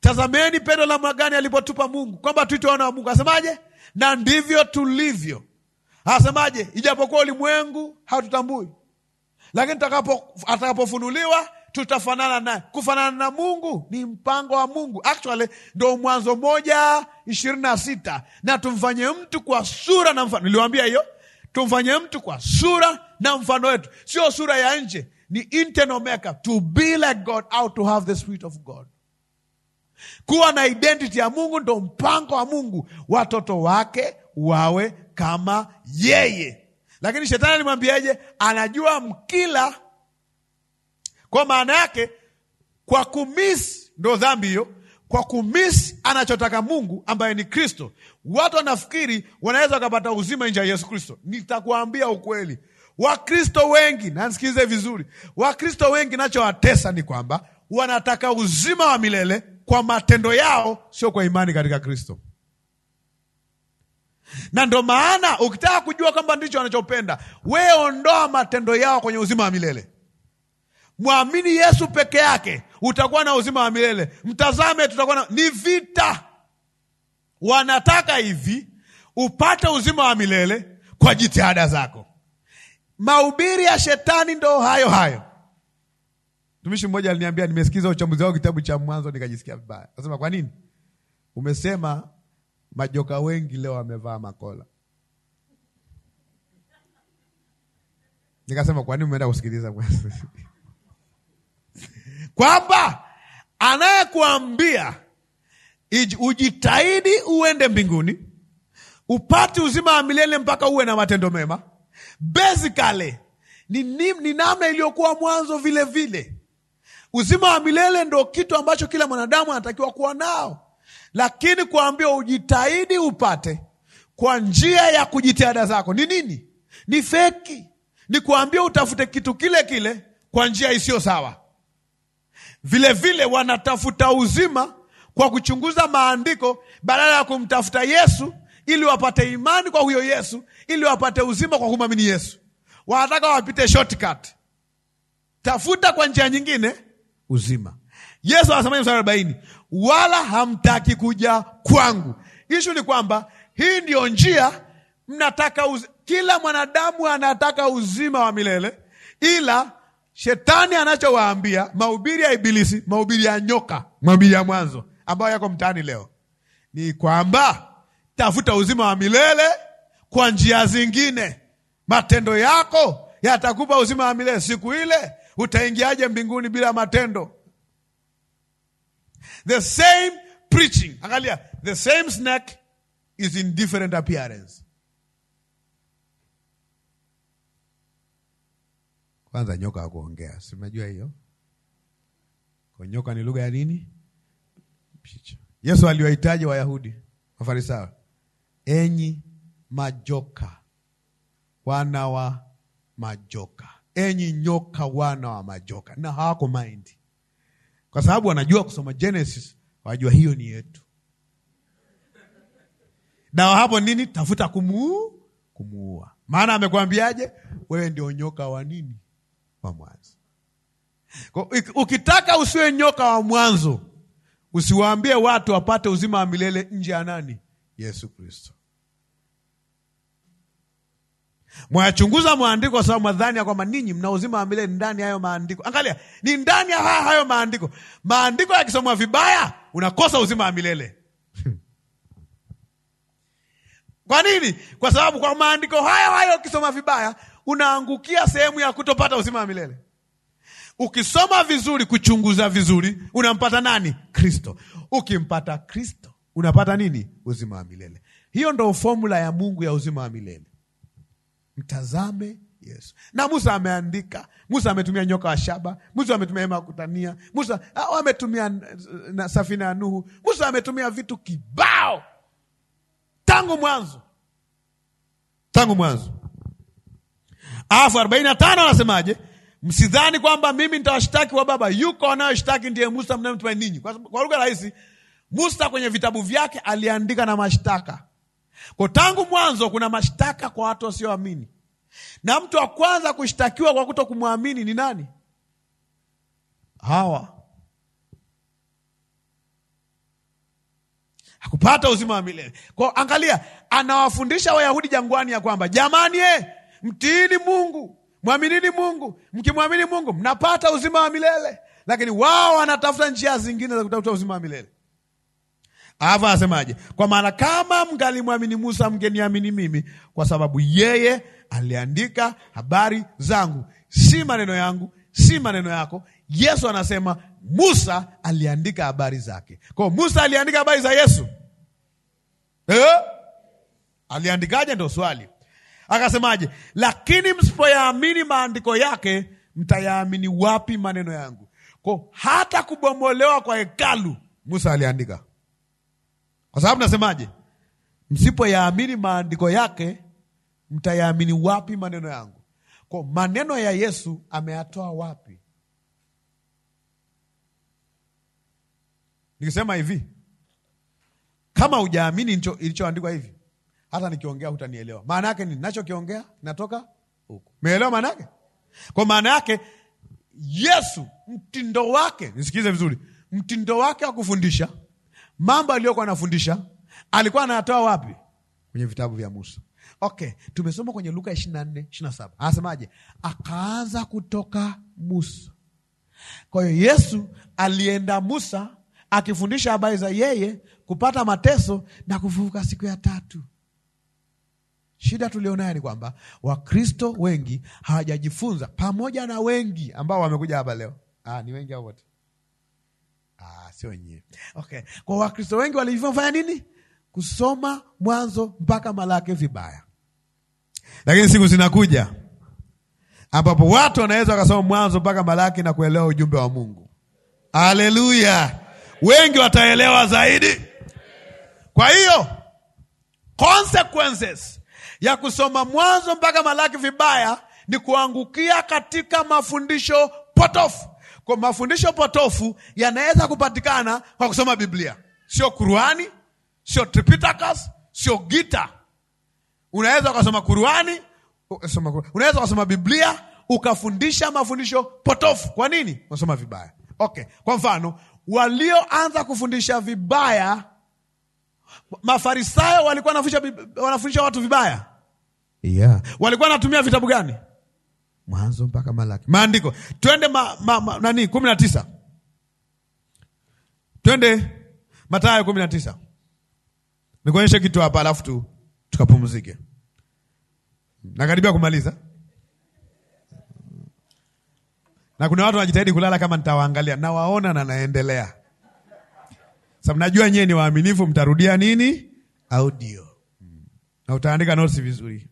Tazameni pendo la mwagani alipotupa Mungu kwamba tuitwe wana wa Mungu. Asemaje? Na ndivyo tulivyo. Asemaje? Ijapokuwa ulimwengu hatutambui, lakini atakapofunuliwa tutafanana naye. Kufanana na Mungu ni mpango wa Mungu, actually ndo Mwanzo moja ishirini na sita na tumfanye mtu kwa sura na mfano. Niliwambia hiyo tumfanye mtu kwa sura na mfano wetu, sio sura ya nje, ni internal makeup. To be like God au to have the spirit of God, kuwa na identity ya Mungu ndo mpango wa Mungu, watoto wake wawe kama yeye. Lakini shetani alimwambiaje? Anajua mkila, kwa maana yake kwa kumisi ndo dhambi hiyo, kwa kumisi anachotaka Mungu ambaye ni Kristo, Watu wanafikiri wanaweza wakapata uzima nje ya Yesu Kristo. Nitakuambia ukweli, Wakristo wengi, nansikilize vizuri, Wakristo wengi nachowatesa ni kwamba wanataka uzima wa milele kwa matendo yao, sio kwa imani katika Kristo. Na ndo maana ukitaka kujua kwamba ndicho wanachopenda, we ondoa matendo yao kwenye uzima wa milele. Mwamini Yesu peke yake, utakuwa na uzima wa milele. Mtazame, tutakuwa na ni vita wanataka hivi upate uzima wa milele kwa jitihada zako. Mahubiri ya shetani ndo hayo hayo. Mtumishi mmoja aliniambia, nimesikiza uchambuzi wao kitabu cha Mwanzo nikajisikia vibaya. Nasema kwa nini? Umesema majoka wengi leo wamevaa makola. Nikasema kwa nini umeenda kusikiliza kwamba anayekuambia ujitahidi uende mbinguni upate uzima wa milele mpaka uwe na matendo mema. Basically ni, ni, ni namna iliyokuwa mwanzo vile vile. Uzima wa milele ndo kitu ambacho kila mwanadamu anatakiwa kuwa nao, lakini kuambiwa ujitahidi upate kwa njia ya kujitihada zako ni nini? Ni feki. Ni kuambia utafute kitu kile kile kwa njia isiyo sawa. Vilevile wanatafuta uzima kwa kuchunguza maandiko badala ya kumtafuta Yesu ili wapate imani kwa huyo Yesu, ili wapate uzima kwa kumwamini Yesu. Wanataka wapite shortcut, tafuta kwa njia nyingine uzima. Yesu anasema mstari arobaini, wala hamtaki kuja kwangu. Ishu ni kwamba hii ndiyo njia mnataka uz... kila mwanadamu anataka uzima wa milele, ila shetani anachowaambia mahubiri ya Ibilisi, mahubiri ya nyoka, mahubiri ya mwanzo ambayo yako mtaani leo ni kwamba tafuta uzima wa milele kwa njia zingine. Matendo yako yatakupa uzima wa milele siku ile. Utaingiaje mbinguni bila matendo? The same preaching. Angalia, the same snake is in different appearance. Kwanza nyoka akuongea, simejua hiyo. Kwa nyoka ni lugha ya nini? picha. Yesu aliwahitaji Wayahudi Mafarisayo, enyi majoka wana wa majoka, enyi nyoka wana wa majoka. Na hawako mind, kwa sababu wanajua kusoma Genesis, wajua hiyo ni yetu. Dawa hapo nini? Tafuta kumuu kumuua, maana amekwambiaje? Wewe ndio nyoka wa nini? Wa mwanzo. Ukitaka usiwe nyoka wa mwanzo usiwaambie watu wapate uzima wa milele nje ya nani? Yesu Kristo. Mwayachunguza maandiko kwa sababu mwadhani ya kwamba ninyi mna uzima wa milele ndani ya hayo maandiko. Angalia, ni ndani ya haya hayo maandiko. Maandiko yakisomwa vibaya, unakosa uzima wa milele kwa nini? Kwa sababu kwa maandiko haya hayo ukisoma vibaya, unaangukia sehemu ya kutopata uzima wa milele. Ukisoma vizuri, kuchunguza vizuri, unampata nani? Kristo. Ukimpata Kristo unapata nini? Uzima wa milele. Hiyo ndo fomula ya Mungu ya uzima wa milele. Mtazame Yesu. Na Musa ameandika, Musa ametumia nyoka wa shaba, Musa ametumia hema kutania, Musa ah, oh, ametumia eh, na safina ya Nuhu, Musa ametumia vitu kibao tangu mwanzo, tangu mwanzo. Alafu arobaini na tano anasemaje? Msidhani kwamba mimi nitawashtaki wa baba, yuko anayoshtaki ndiye Musa mnayemtuma ninyi. Kwa lugha rahisi, Musa kwenye vitabu vyake aliandika na mashtaka kwa, tangu mwanzo kuna mashtaka kwa watu wasioamini, na mtu wa kwanza kushtakiwa kwa kuto kumwamini ni nani? Hawa hakupata uzima wa milele kwao. Angalia, anawafundisha Wayahudi jangwani ya kwamba jamani, eh, mtiini Mungu mwaminini Mungu. Mkimwamini Mungu mnapata uzima wa milele, lakini wao wanatafuta njia zingine za kutafuta uzima wa milele. Alafu anasemaje? Kwa maana kama mngalimwamini Musa, mngeniamini mimi, kwa sababu yeye aliandika habari zangu. Si maneno yangu, si maneno yako. Yesu anasema Musa aliandika habari zake. Kwa Musa aliandika habari za Yesu eh? Aliandikaje? Ndo swali. Akasemaje? Lakini msipoyaamini maandiko yake, mtayaamini wapi maneno yangu? Ko, hata kubomolewa kwa hekalu Musa aliandika, kwa sababu nasemaje? Msipoyaamini maandiko yake, mtayaamini wapi maneno yangu? Ko, maneno ya Yesu ameyatoa wapi? Nikisema hivi, kama hujaamini ilichoandikwa hivi hata nikiongea hutanielewa. Maana yake nini? Nachokiongea natoka huku. meelewa maana yake? Kwa maana yake Yesu mtindo wake, nisikilize vizuri, mtindo wake wa kufundisha mambo aliyokuwa anafundisha alikuwa anatoa wapi? Kwenye vitabu vya Musa. Okay, tumesoma kwenye Luka ishirini na nne ishirini na saba anasemaje? Akaanza kutoka Musa. Kwa hiyo Yesu alienda Musa akifundisha habari za yeye kupata mateso na kufufuka siku ya tatu. Shida tulionayo ni kwamba Wakristo wengi hawajajifunza, pamoja na wengi ambao wamekuja hapa leo. Ah, ni wengi au wote? Ah, sio wenyewe. Okay, kwa Wakristo wengi walijifanya nini? Kusoma Mwanzo mpaka Malaki vibaya, lakini siku zinakuja ambapo watu wanaweza wakasoma Mwanzo mpaka Malaki na kuelewa ujumbe wa Mungu. aleluya wengi wataelewa zaidi. Kwa hiyo consequences ya kusoma Mwanzo mpaka Malaki vibaya ni kuangukia katika mafundisho potofu. Kwa mafundisho potofu yanaweza kupatikana kwa kusoma Biblia, sio Kurani, sio Tripitakas, sio Gita. Unaweza ukasoma Kurani, unaweza ukasoma Biblia ukafundisha mafundisho potofu. Kwa nini? Unasoma vibaya. Okay, kwa mfano walioanza kufundisha vibaya Mafarisayo walikuwa wanafundisha watu vibaya, yeah. Walikuwa wanatumia vitabu gani? Mwanzo mpaka Malaki. Maandiko twende ma, ma, ma, nani kumi na tisa twende Mathayo kumi na tisa nikuonyeshe kitu hapa, alafu tu tukapumzike. Nakaribia kumaliza na kuna watu wanajitahidi kulala kama nitawaangalia, nawaona na naendelea sababu najua nyewe ni waaminifu, mtarudia nini audio na utaandika notes vizuri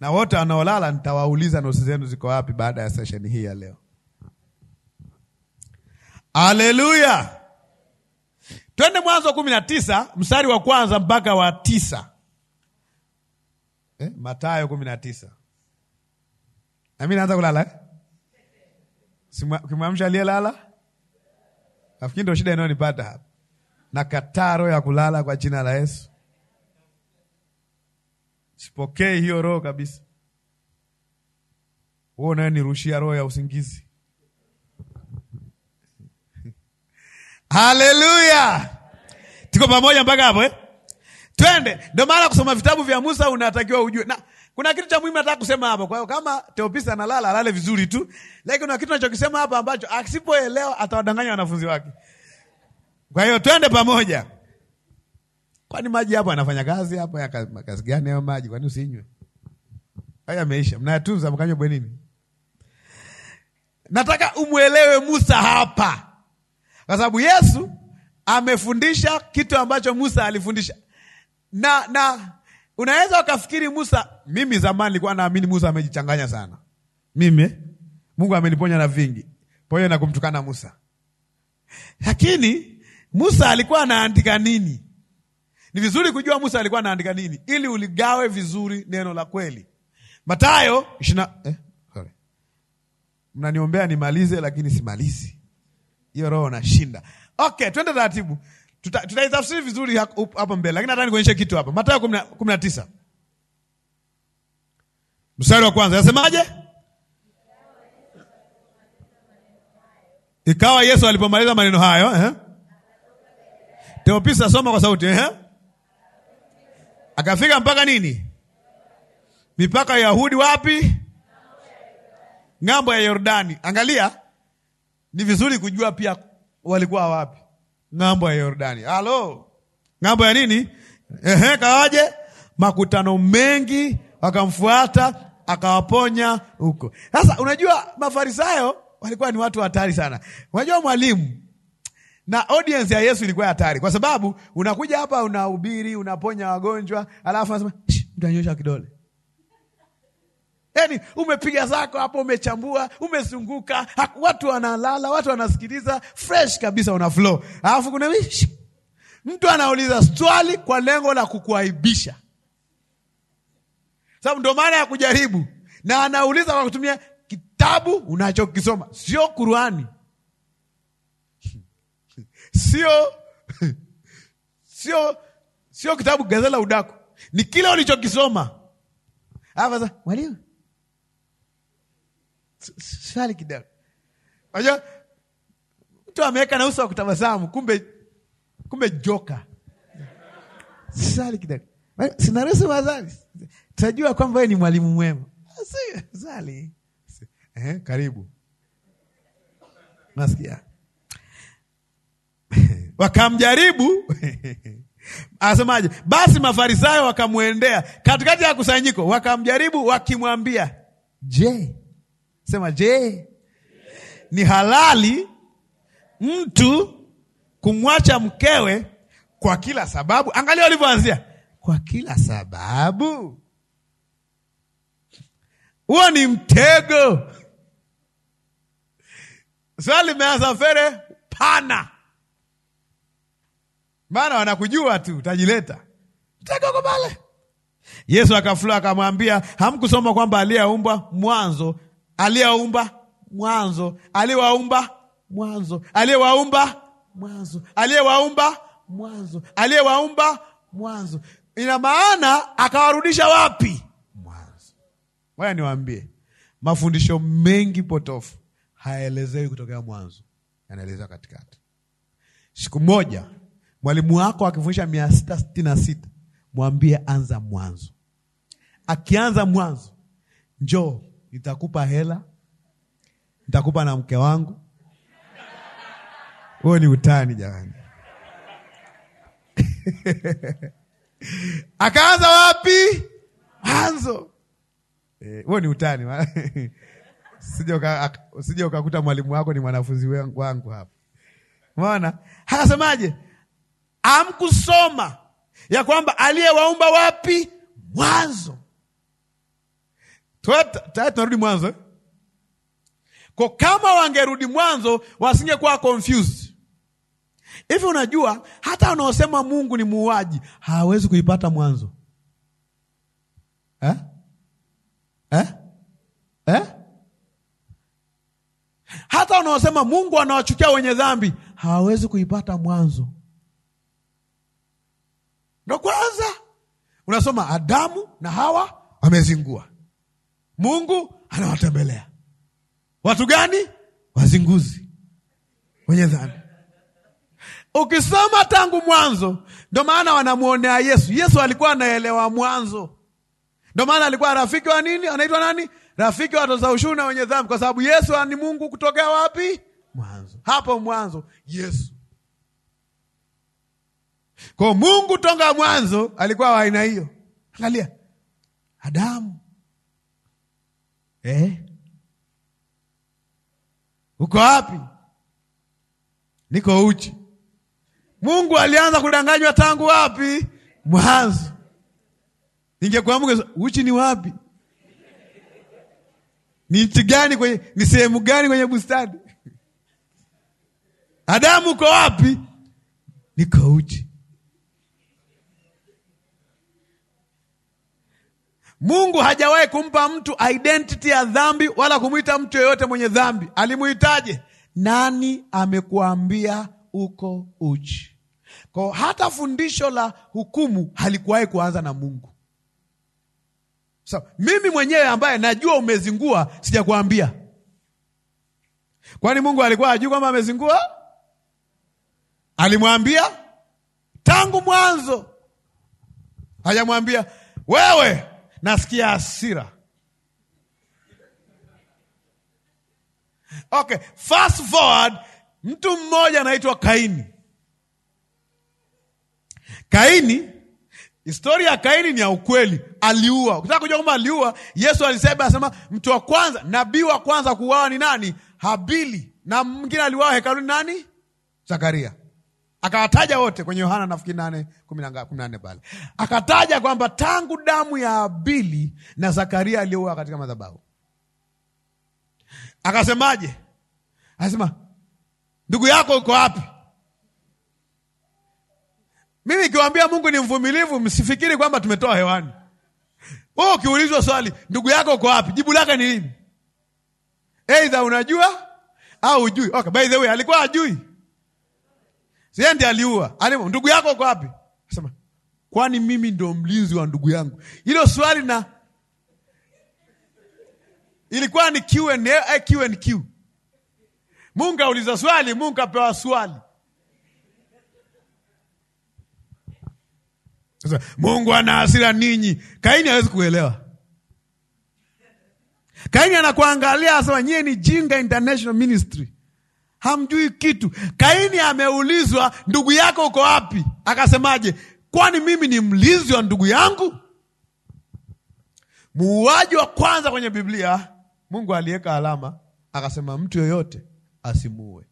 na wote wanaolala nitawauliza nusu zenu ziko wapi baada ya sesheni hii ya leo. Haleluya! Twende Mwanzo kumi na tisa mstari wa kwanza mpaka wa tisa. Eh, Matayo kumi na tisa. Nami naanza kulala eh? Ukimwamsha aliyelala, nafikiri ndo shida inayonipata hapa. Na kataro ya kulala kwa jina la Yesu. Sipokee hiyo roho kabisa. Wewe nirushia roho ya usingizi. Haleluya! Tuko pamoja mpaka hapo eh? Twende. Ndio maana kusoma vitabu vya Musa unatakiwa ujue. Na kuna kitu cha muhimu nataka kusema hapo. Kwa hiyo kama Theopisa analala alale vizuri tu, lakini kuna kitu nachokisema hapa ambacho asipoelewa atawadanganya wanafunzi wake. Kwa hiyo twende pamoja. Kwani maji hapo anafanya kazi hapo ya kazi gani hayo maji? Kwani usinywe? Haya yameisha. Mnayatunza mkanywa bwenini. Nataka umwelewe Musa hapa. Kwa sababu Yesu amefundisha kitu ambacho Musa alifundisha. Na na unaweza ukafikiri Musa, mimi zamani nilikuwa naamini Musa amejichanganya sana. Mimi Mungu ameniponya na vingi. Ponya na kumtukana Musa. Lakini Musa alikuwa anaandika nini? Ni vizuri kujua Musa alikuwa anaandika nini ili uligawe vizuri neno la kweli. Matayo ishina, eh, sorry. Mnaniombea nimalize lakini simalizi. Hiyo roho nashinda. Okay, twende taratibu. Tutaitafsiri tuta vizuri hapo mbele, lakini nataka nikuonyeshe kitu hapa. Mathayo 19 mstari wa kwanza yasemaje? Ikawa Yesu alipomaliza maneno hayo eh? Teopisa, soma kwa sauti eh? akafika mpaka nini, mipaka ya Yahudi wapi, ng'ambo ya Yordani. Angalia, ni vizuri kujua pia walikuwa wapi, ng'ambo ya Yordani. Halo, ng'ambo ya nini? Ehe, kawaje? Makutano mengi wakamfuata akawaponya huko. Sasa unajua Mafarisayo walikuwa ni watu hatari sana. Unajua mwalimu na audience ya Yesu ilikuwa hatari, kwa sababu unakuja hapa unahubiri, unaponya wagonjwa, alafu anasema mtu anyosha kidole. Yani umepiga zako hapo, umechambua, umezunguka, watu wanalala, watu wanasikiliza, fresh kabisa, una flow, alafu kuna mtu anauliza swali kwa lengo la kukuaibisha, sababu ndo maana ya kujaribu, na anauliza kwa kutumia kitabu unachokisoma, sio Qurani sio sio sio kitabu gazela udaku, ni kile ulichokisoma. Sasa mwalimu, swali kidogo. Unajua mtu ameweka na uso wa kutabasamu, kumbe kumbe joka. Swali kidogo, sinaruhusu wazazi, tajua kwamba wewe ni mwalimu mwema. Sali eh, karibu nasikia wakamjaribu Asemaje? Basi Mafarisayo wakamwendea katikati ya kusanyiko, wakamjaribu wakimwambia, je, sema je, ni halali mtu kumwacha mkewe kwa kila sababu? Angalia walivyoanzia, kwa kila sababu. Huo ni mtego. Swali limeanza fere pana maana wanakujua tu utajileta takoko pale. Yesu akafula akamwambia, hamkusoma kwamba aliyeumba mwanzo aliyeumba mwanzo aliyewaumba mwanzo aliyewaumba mwanzo aliyewaumba mwanzo aliyewaumba mwanzo. Ina maana akawarudisha wapi? Mwanzo. Waya niwaambie, mafundisho mengi potofu hayaelezewi kutokea mwanzo, yanaelezewa katikati. Siku moja Mwalimu wako akifundisha mia sita sitini na sita mwambie anza mwanzo. Akianza mwanzo, njoo nitakupa hela, nitakupa na mke wangu. Huo ni utani jamani. Akaanza wapi? Mwanzo. Eh, huo e, ni utani usije ukakuta mwalimu wako ni mwanafunzi wangu hapa. Umeona? hakasemaje amkusoma ya kwamba aliyewaumba wapi? Mwanzo. Tayari tunarudi mwanzo ko eh? Kwa kama wangerudi mwanzo wasingekuwa confused. Hivi unajua hata wanaosema Mungu ni muuaji hawezi kuipata mwanzo eh? Eh? Eh? Hata wanaosema Mungu anawachukia wenye dhambi hawawezi kuipata mwanzo ndo kwanza unasoma Adamu na Hawa wamezingua, Mungu anawatembelea watu gani? Wazinguzi wenye dhambi. Ukisoma tangu mwanzo, ndo maana wanamwonea Yesu. Yesu alikuwa anaelewa mwanzo, ndo maana alikuwa rafiki wa nini, anaitwa nani? Rafiki wa watoza ushuru na wenye dhambi, kwa sababu Yesu ni Mungu kutokea wapi? Mwanzo. Hapo mwanzo Yesu kwa Mungu tonga mwanzo alikuwa wa aina hiyo. Angalia Adamu eh? uko wapi? Niko uchi. Mungu alianza kudanganywa tangu wapi? Mwanzo. Ningekuwa Mungu, uchi ni wapi? Ni nchi gani kwenye, ni sehemu gani kwenye bustani? Adamu uko wapi? Niko uchi. Mungu hajawahi kumpa mtu identity ya dhambi wala kumwita mtu yeyote mwenye dhambi. Alimuhitaje? Nani amekuambia uko uchi? Kwa hata fundisho la hukumu halikuwahi kuanza na Mungu. So, mimi mwenyewe ambaye najua umezingua sijakwambia. Kwani Mungu alikuwa ajui kwamba amezingua? Alimwambia tangu mwanzo. Hajamwambia wewe nasikia hasira. Okay, fast forward, mtu mmoja anaitwa Kaini. Kaini, historia ya Kaini ni ya ukweli, aliua. Ukitaka kujua kwamba aliua, Yesu alisema, anasema mtu wa kwanza, nabii wa kwanza kuuawa ni nani? Habili, na mwingine aliuawa hekaluni nani? Zakaria akawataja wote kwenye Yohana nafikiri nane kumi na nne pale akataja kwamba tangu damu ya Abili na Zakaria aliyoua katika madhabahu. Akasemaje? Akasema ndugu yako uko wapi? Mimi nikiwaambia Mungu ni mvumilivu, msifikiri kwamba tumetoa hewani. Wewe ukiulizwa swali ndugu yako uko wapi, jibu lake ni lini? Aidha unajua au hujui. Okay, by the way alikuwa ajui yeye ndiye aliua. Alimu, ndugu yako uko wapi? Anasema, kwani mimi ndo mlinzi wa ndugu yangu? Hilo swali na ilikuwa ni and Q. Eh, eh, Mungu auliza swali, Mungu apewa swali. Sasa Mungu ana hasira ninyi. Kaini hawezi kuelewa. Kaini anakuangalia, anasema nyie ni jinga international ministry hamjui kitu. Kaini ameulizwa ndugu yako uko wapi? Akasemaje? Kwani mimi ni mlinzi wa ndugu yangu? Muuaji wa kwanza kwenye Biblia, Mungu aliweka alama, akasema mtu yoyote asimuue.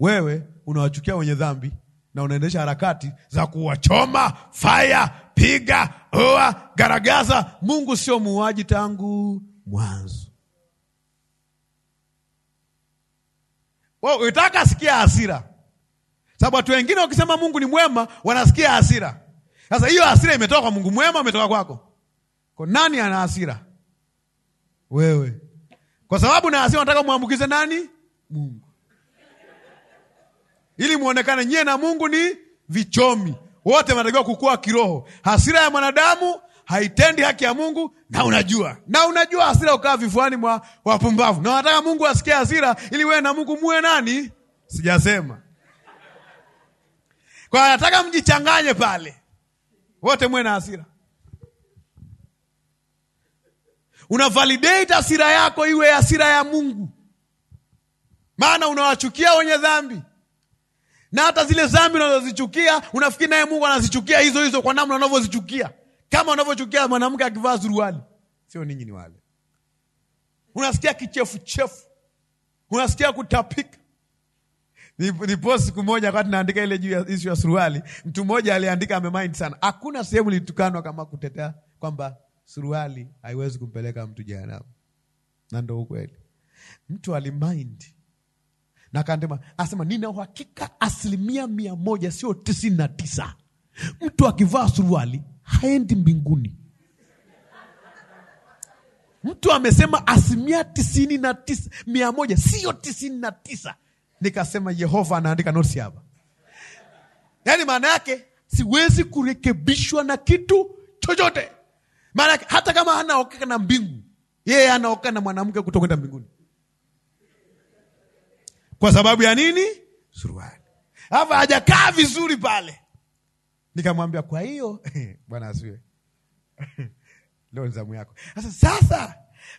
Wewe unawachukia wenye dhambi na unaendesha harakati za kuwachoma, faya, piga, oa, garagaza. Mungu sio muuaji tangu mwanzo. Wao utaka sikia hasira, sababu watu wengine wakisema Mungu ni mwema wanasikia hasira. Sasa hiyo hasira imetoka kwa Mungu mwema, imetoka kwako. Kwa nani ana hasira? Wewe, kwa sababu na hasira nataka muambukize nani? Mungu, ili muonekane nyie na Mungu ni vichomi. Wote wanatakiwa kukua kiroho. Hasira ya mwanadamu haitendi haki ya Mungu na unajua, na unajua hasira ukaa vifuani mwa wapumbavu, na wanataka Mungu asikie hasira ili wewe na Mungu muwe nani? Sijasema. Kwa anataka mjichanganye pale wote muwe na hasira. Una validate hasira yako iwe hasira ya Mungu, maana unawachukia wenye dhambi na hata zile dhambi unazozichukia unafikiri naye Mungu anazichukia hizo hizo kwa namna unavyozichukia kama unavyochukia mwanamke akivaa suruali, sio ninyi ni wale. Unasikia kichefuchefu, unasikia kutapika. Ni post siku moja, wakati naandika ile juu ya isu ya suruali, mtu mmoja aliandika amemind sana, hakuna sehemu litukanwa kama kutetea kwamba suruali haiwezi kumpeleka mtu jehanamu, na ndo ukweli. Mtu alimind na kandema asema nina uhakika asilimia mia moja, sio tisini na tisa, mtu akivaa suruali haendi mbinguni. Mtu amesema asilimia tisini na tisa mia moja sio tisini na tisa. Nikasema Yehova anaandika notisi hapa, yaani maana yake siwezi kurekebishwa na kitu chochote. Maana yake hata kama anaokeka na mbingu, yeye anaokeka na mwanamke kutokwenda mbinguni. Kwa sababu ya nini? Suruali hapa hajakaa vizuri pale Nikamwambia, kwa hiyo Bwana asiwe leo ni zamu yako sasa. Sasa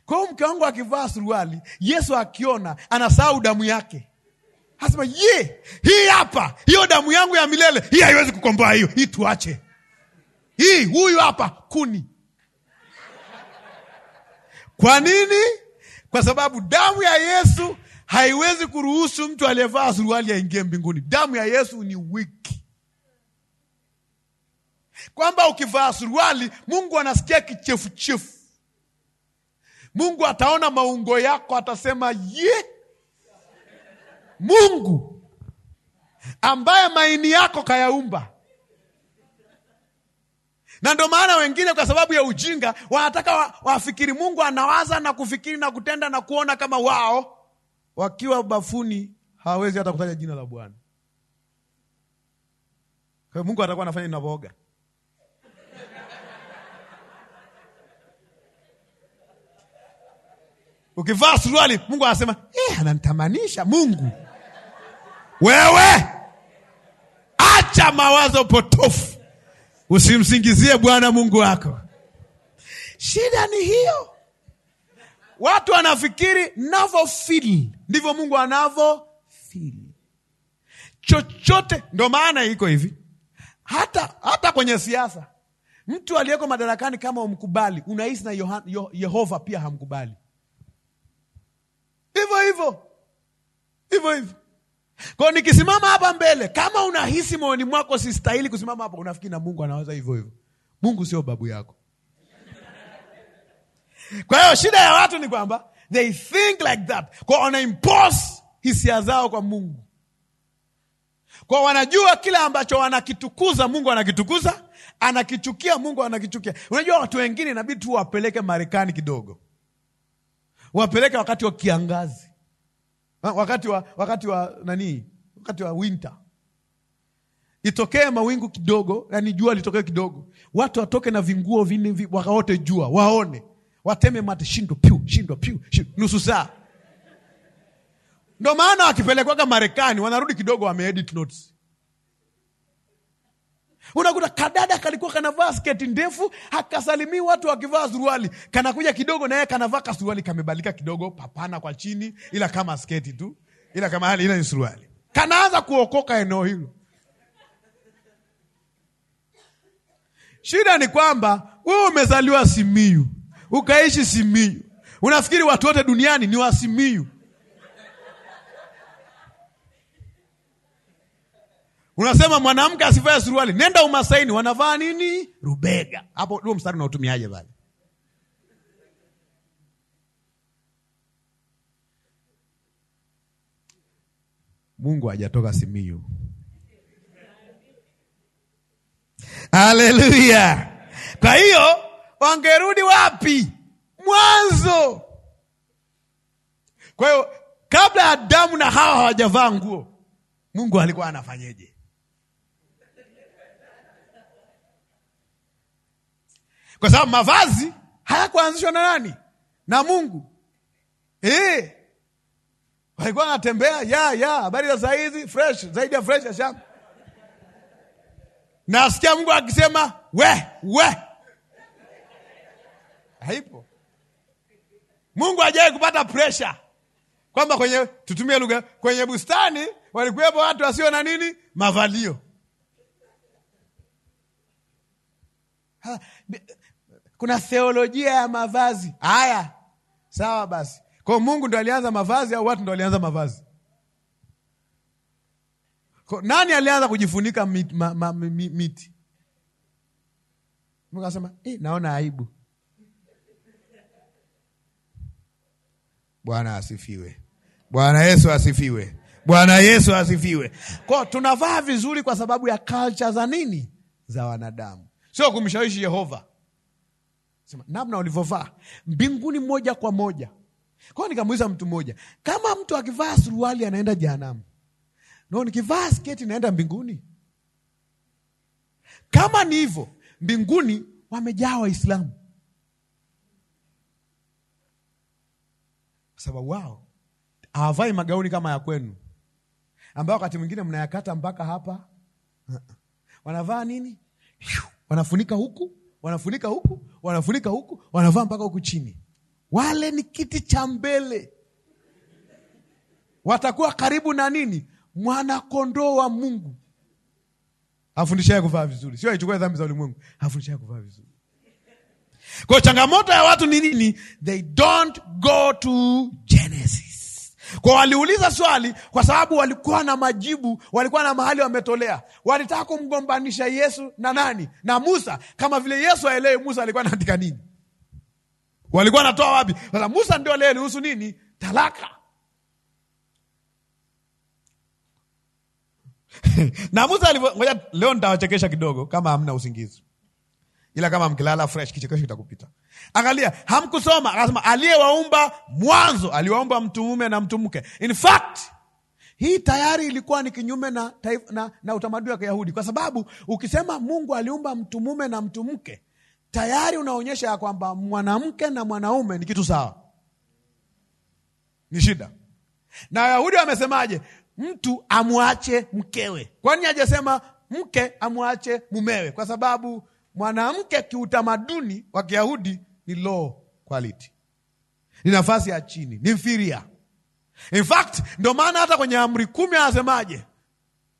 kwa hiyo mke wangu akivaa suruali, Yesu akiona anasahau damu yake, asema ye, hii hapa hiyo damu yangu ya milele, hii haiwezi kukomboa hiyo, hii tuache hii, huyu hapa kuni. Kwa nini? Kwa sababu damu ya Yesu haiwezi kuruhusu mtu aliyevaa suruali aingie mbinguni. Damu ya Yesu ni wiki kwamba ukivaa suruali Mungu anasikia kichefuchefu. Mungu ataona maungo yako, atasema ye, Mungu ambaye maini yako kayaumba. Na ndio maana wengine kwa sababu ya ujinga wanataka wafikiri Mungu anawaza na kufikiri na kutenda na kuona kama wao, wakiwa bafuni hawawezi hata kutaja jina la Bwana. Kwa Mungu atakuwa anafanya inavyooga ukivaa suruali Mungu anasema eh, ananitamanisha Mungu. Wewe acha mawazo potofu, usimsingizie Bwana Mungu wako. Shida ni hiyo, watu wanafikiri navyo feel ndivyo Mungu anavo feel chochote. Ndo maana iko hivi, hata hata kwenye siasa mtu aliyeko madarakani kama umkubali, unahisi na Yehova pia hamkubali hivyo hivyo hivyo hivyo kwao. Nikisimama hapa mbele, kama unahisi moyoni mwako sistahili kusimama hapa, unafikiri na Mungu anawaza hivyo hivyo. Mungu sio babu yako. Kwa hiyo shida ya watu ni kwamba they think like that, kwa wana impose hisia zao kwa Mungu, kwa wanajua kile ambacho wanakitukuza Mungu anakitukuza, anakichukia Mungu anakichukia. Unajua watu wengine inabidi tu wapeleke Marekani kidogo wapeleke wakati wa kiangazi, wakati wa wakati wa nani, wakati wa winter, itokee mawingu kidogo, yani jua litokee kidogo, watu watoke na vinguo vinne, wakaote jua, waone, wateme mate, shindo piu, shindo piu, nusu saa. Ndo maana wakipelekwaga Marekani wanarudi kidogo, wameedit notes unakuta kadada kalikuwa kanavaa sketi ndefu, hakasalimii watu wakivaa suruali, kanakuja kidogo naye kanavaa kasuruali kamebalika kidogo, papana kwa chini, ila kama sketi tu, ila kama hali ila ni suruali, kanaanza kuokoka eneo hilo. Shida ni kwamba wewe umezaliwa Simiyu, ukaishi Simiyu, unafikiri watu wote duniani ni wa Simiyu. Unasema mwanamke asivae suruali, nenda Umasaini wanavaa nini? Rubega. Hapo huo mstari unautumiaje pale? Mungu hajatoka Simiyu. Haleluya! Kwa hiyo wangerudi wapi? Mwanzo. Kwa hiyo kabla Adamu na Hawa hawajavaa nguo, Mungu alikuwa anafanyeje? kwa sababu mavazi hayakuanzishwa na nani? Na Mungu e. Walikuwa wanatembea ya ya habari za saa fresh zaidi ya fresh asham. Nasikia Mungu akisema we we, haipo. Mungu ajai kupata presha kwamba kwenye, tutumie lugha, kwenye bustani walikuwepo watu wasio na nini, mavalio kuna theolojia ya mavazi haya. Sawa basi, kwa Mungu ndo alianza mavazi au watu ndo walianza mavazi? Kwa nani alianza kujifunika miti, ma, ma, miti? Mungu anasema eh, naona aibu. Bwana asifiwe. Bwana Yesu asifiwe. Bwana Yesu asifiwe. Kwa tunavaa vizuri kwa sababu ya culture za nini? Za wanadamu, sio kumshawishi Yehova sema namna ulivyovaa mbinguni moja kwa moja. Kwa hiyo nikamuuliza mtu mmoja, kama mtu akivaa suruali anaenda jehanamu, no, nikivaa sketi naenda mbinguni? Kama ni hivyo, mbinguni wamejaa Waislamu kwa sababu wao hawavai magauni kama ya kwenu, ambayo wakati mwingine mnayakata mpaka hapa. Uh-uh. Wanavaa nini? Wanafunika huku wanafunika huku, wanafunika huku, wanavaa mpaka huku chini. Wale ni kiti cha mbele, watakuwa karibu na nini? Mwanakondoo wa Mungu afundishaye kuvaa vizuri, sio aichukue dhambi za ulimwengu, afundishaye kuvaa vizuri. Kwa changamoto ya watu ni nini? They don't go to Genesis kwa waliuliza swali kwa sababu walikuwa na majibu, walikuwa na mahali wametolea. Walitaka kumgombanisha Yesu na nani? Na Musa, kama vile Yesu aelewe Musa alikuwa anaandika nini. Walikuwa natoa wapi? Sasa Musa ndio leo lihusu nini? Talaka na Musa alivyo. Ngoja leo nitawachekesha kidogo, kama hamna usingizi, ila kama mkilala fresh, kichekesho kitakupita. Angalia, hamkusoma akasema aliyewaumba mwanzo, aliwaumba mtu mume na mtu mke. In fact hii tayari ilikuwa ni kinyume na, na, na utamaduni wa Kiyahudi, kwa sababu ukisema Mungu aliumba mtu mume na mtu mke, tayari unaonyesha ya kwamba mwanamke na mwanaume ni kitu sawa, ni shida. Na Wayahudi wamesemaje? Mtu amwache mkewe. Kwani ajasema mke amwache mumewe? Kwa sababu mwanamke kiutamaduni wa Kiyahudi ni low quality, ni nafasi ya chini, ni inferior. In fact, ndio maana hata kwenye amri kumi anasemaje?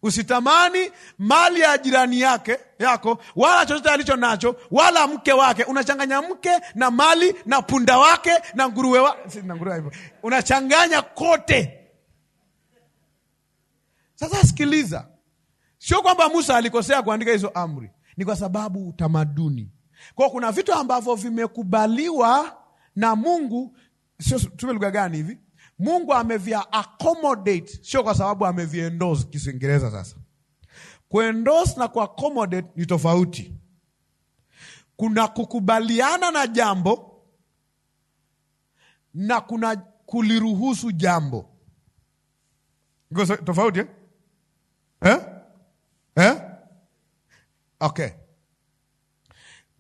Usitamani mali ya jirani yake yako wala chochote alicho nacho wala mke wake. Unachanganya mke na mali na punda wake na nguruwe wa... na nguruwe, unachanganya kote. Sasa sikiliza, sio kwamba Musa alikosea kuandika hizo amri, ni kwa sababu utamaduni kwao kuna vitu ambavyo vimekubaliwa na mungu sio tume lugha gani hivi mungu amevya accommodate sio kwa sababu ameviendos kiingereza sasa kuendos na kuaccommodate ni tofauti kuna kukubaliana na jambo na kuna kuliruhusu jambo tofauti eh? Eh? Eh? Okay.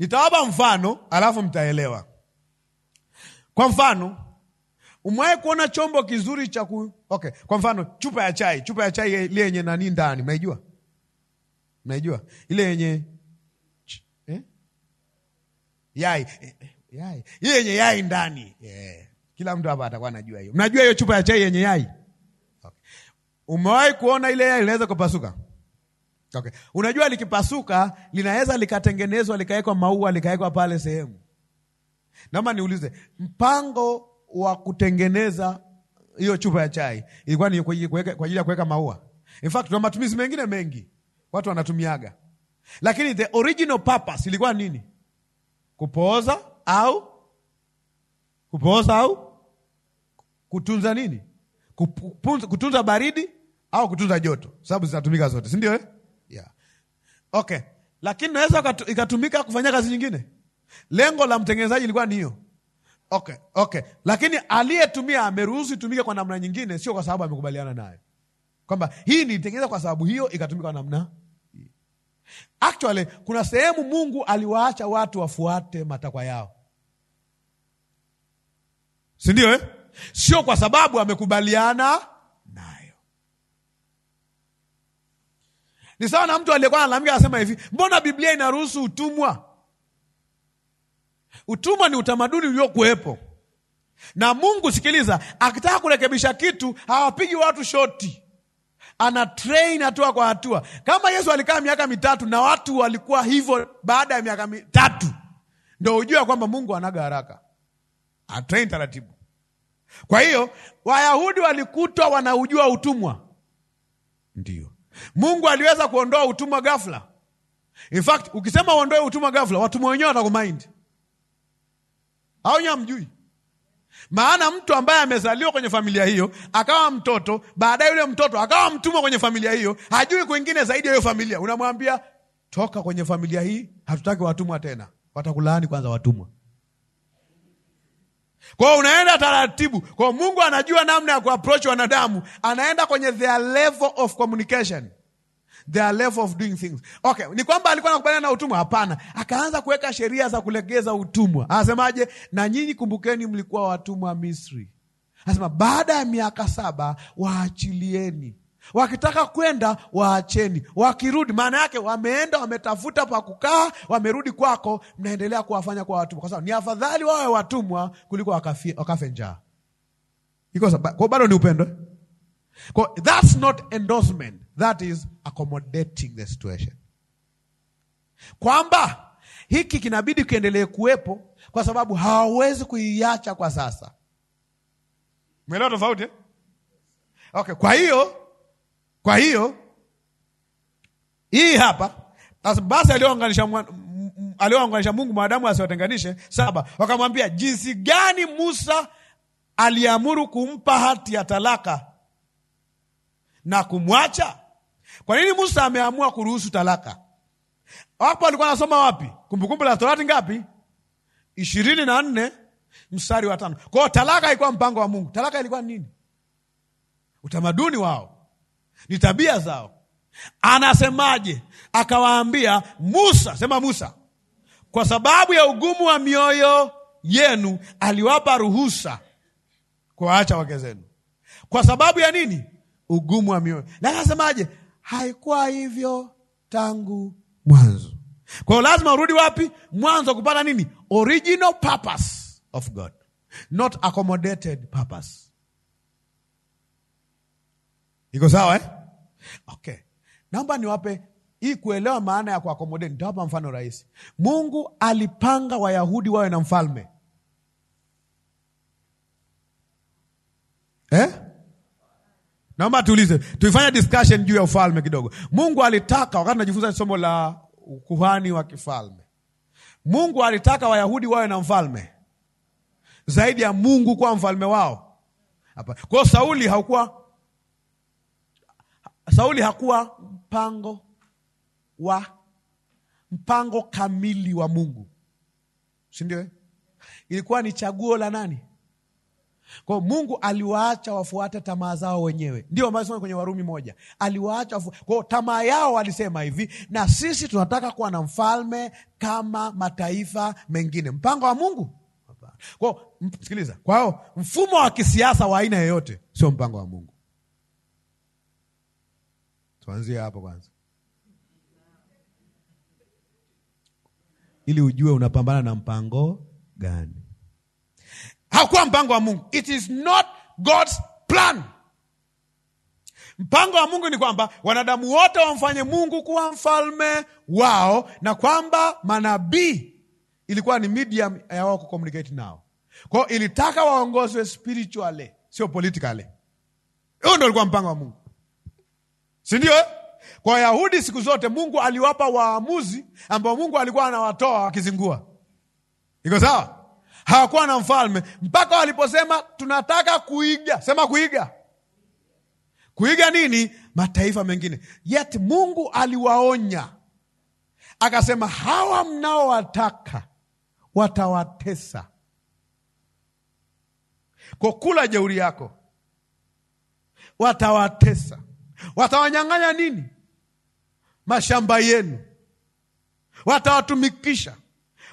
Nitawapa mfano alafu mtaelewa. Kwa mfano, umewahi kuona chombo kizuri cha ku... okay. Kwa mfano chupa ya chai, chupa ya chai ile yenye nani ndani, mnaijua? Mnaijua ile yenye eh? yai eh, eh, yai ile yenye yai ndani yeah. Kila mtu hapa atakuwa anajua hiyo. Mnajua hiyo chupa ya chai yenye yai okay. Umewahi kuona ile yai inaweza kupasuka? Okay. Unajua likipasuka linaweza likatengenezwa likawekwa maua likawekwa pale sehemu. Naomba niulize, mpango wa kutengeneza hiyo chupa ya chai ilikuwa ni kwa ajili ya kuweka maua? In fact, na matumizi mengine mengi watu wanatumiaga, lakini the original purpose ilikuwa nini? Kupooza au kupooza au kutunza nini? Kutunza baridi au kutunza joto, sababu zinatumika zote, si ndio eh? Okay, lakini naweza ikatumika kufanya kazi nyingine. Lengo la mtengenezaji ilikuwa ni hiyo. Okay, okay, lakini aliyetumia ameruhusu itumike kwa namna nyingine, sio kwa sababu amekubaliana nayo kwamba hii nilitengeneza kwa sababu hiyo, ikatumika kwa namna Actually, kuna sehemu Mungu aliwaacha watu wafuate matakwa yao, si ndio eh? Sio kwa sababu amekubaliana Ni sawa na mtu aliyekuwa analalamika anasema hivi, mbona Biblia inaruhusu utumwa? Utumwa ni utamaduni uliokuwepo na Mungu. Sikiliza, akitaka kurekebisha kitu hawapigi watu shoti, ana train hatua kwa hatua. Kama Yesu alikaa miaka mitatu na watu walikuwa hivyo, baada ya miaka mitatu ndo hujua kwamba Mungu anaga haraka, atrain taratibu. Kwa hiyo Wayahudi walikutwa wanaujua utumwa, ndio Mungu aliweza kuondoa utumwa ghafla. In fact, ukisema uondoe utumwa ghafla, watumwa wenyewe watakumaindi au nyamjui maana mtu ambaye amezaliwa kwenye familia hiyo akawa mtoto, baadaye yule mtoto akawa mtumwa kwenye familia hiyo, hajui kwingine zaidi ya hiyo familia. Unamwambia toka kwenye familia hii, hatutaki watumwa tena, watakulaani kwanza watumwa kwao, unaenda taratibu. Kwao Mungu anajua namna ya kuapproach wanadamu, anaenda kwenye their level of communication, their level of doing things. Okay, ni kwamba alikuwa anakubaliana na utumwa? Hapana, akaanza kuweka sheria za kulegeza utumwa. Anasemaje? Na nyinyi kumbukeni, mlikuwa watumwa Misri. Anasema baada ya miaka saba waachilieni Wakitaka kwenda waacheni, wakirudi, maana yake wameenda, wametafuta pa kukaa, wamerudi kwako, mnaendelea kuwafanya kwa watumwa, kwa sababu ni afadhali wawe watumwa kuliko wakafe njaa. Iko kwa bado ni upendo. Kwa, that's not endorsement, that is accommodating the situation, kwamba hiki kinabidi kiendelee kuwepo kwa sababu hawawezi kuiacha kwa sasa. Mwelewa tofauti eh? Okay, kwa hiyo kwa hiyo hii hapa basi aliowaunganisha Mungu mwanadamu asiwatenganishe. Saba, wakamwambia jinsi gani Musa aliamuru kumpa hati ya talaka na kumwacha. Kwa nini Musa ameamua kuruhusu talaka? Hapo alikuwa anasoma wapi? Kumbukumbu la Torati ngapi? ishirini na nne mstari wa tano. Kwa hiyo talaka ilikuwa mpango wa Mungu. Talaka ilikuwa nini? Utamaduni wao ni tabia zao. Anasemaje? Akawaambia Musa, sema Musa, kwa sababu ya ugumu wa mioyo yenu aliwapa ruhusa kuwaacha wake zenu. Kwa sababu ya nini? Ugumu wa mioyo. Na anasemaje? Haikuwa hivyo tangu mwanzo. Kwa hiyo lazima urudi wapi? Mwanzo, kupata nini? Original purpose of God, not accommodated purpose. Iko sawa eh? Okay. Naomba niwape hii kuelewa maana ya kuakomodate. Nitawapa mfano rahisi. Mungu alipanga Wayahudi wawe na mfalme eh? Naomba tuulize, tuifanye discussion juu ya ufalme kidogo. Mungu alitaka, wakati najifunza somo la ukuhani wa kifalme, Mungu alitaka Wayahudi wawe na mfalme zaidi ya Mungu kuwa mfalme wao. Hapa kwao Sauli haukuwa Sauli hakuwa mpango wa mpango kamili wa Mungu, si ndio? Ilikuwa ni chaguo la nani? Kwa Mungu aliwaacha wafuate tamaa zao wenyewe, ndio ambayo kwenye Warumi moja aliwaacha kwa tamaa yao. Walisema hivi, na sisi tunataka kuwa na mfalme kama mataifa mengine. Mpango wa Mungu kwao, sikiliza, kwao mfumo wa kisiasa wa aina yoyote sio mpango wa Mungu tuanzie hapo kwanza, ili ujue unapambana na mpango gani. Hakuwa mpango wa Mungu, it is not God's plan. Mpango wa Mungu ni kwamba wanadamu wote wamfanye Mungu kuwa mfalme wao, na kwamba manabii ilikuwa ni medium ya wao kucommunicate nao. Kwao ilitaka waongozwe spiritually, sio politically. Huyo ndo ulikuwa mpango wa Mungu sindio Kwa Wayahudi siku zote Mungu aliwapa waamuzi ambao Mungu alikuwa anawatoa wakizingua. Iko sawa? Hawakuwa na mfalme mpaka waliposema tunataka kuiga. Sema kuiga, kuiga nini? Mataifa mengine. Yet Mungu aliwaonya akasema, hawa mnaowataka watawatesa kwa kula jeuri yako, watawatesa Watawanyang'anya nini? Mashamba yenu, watawatumikisha,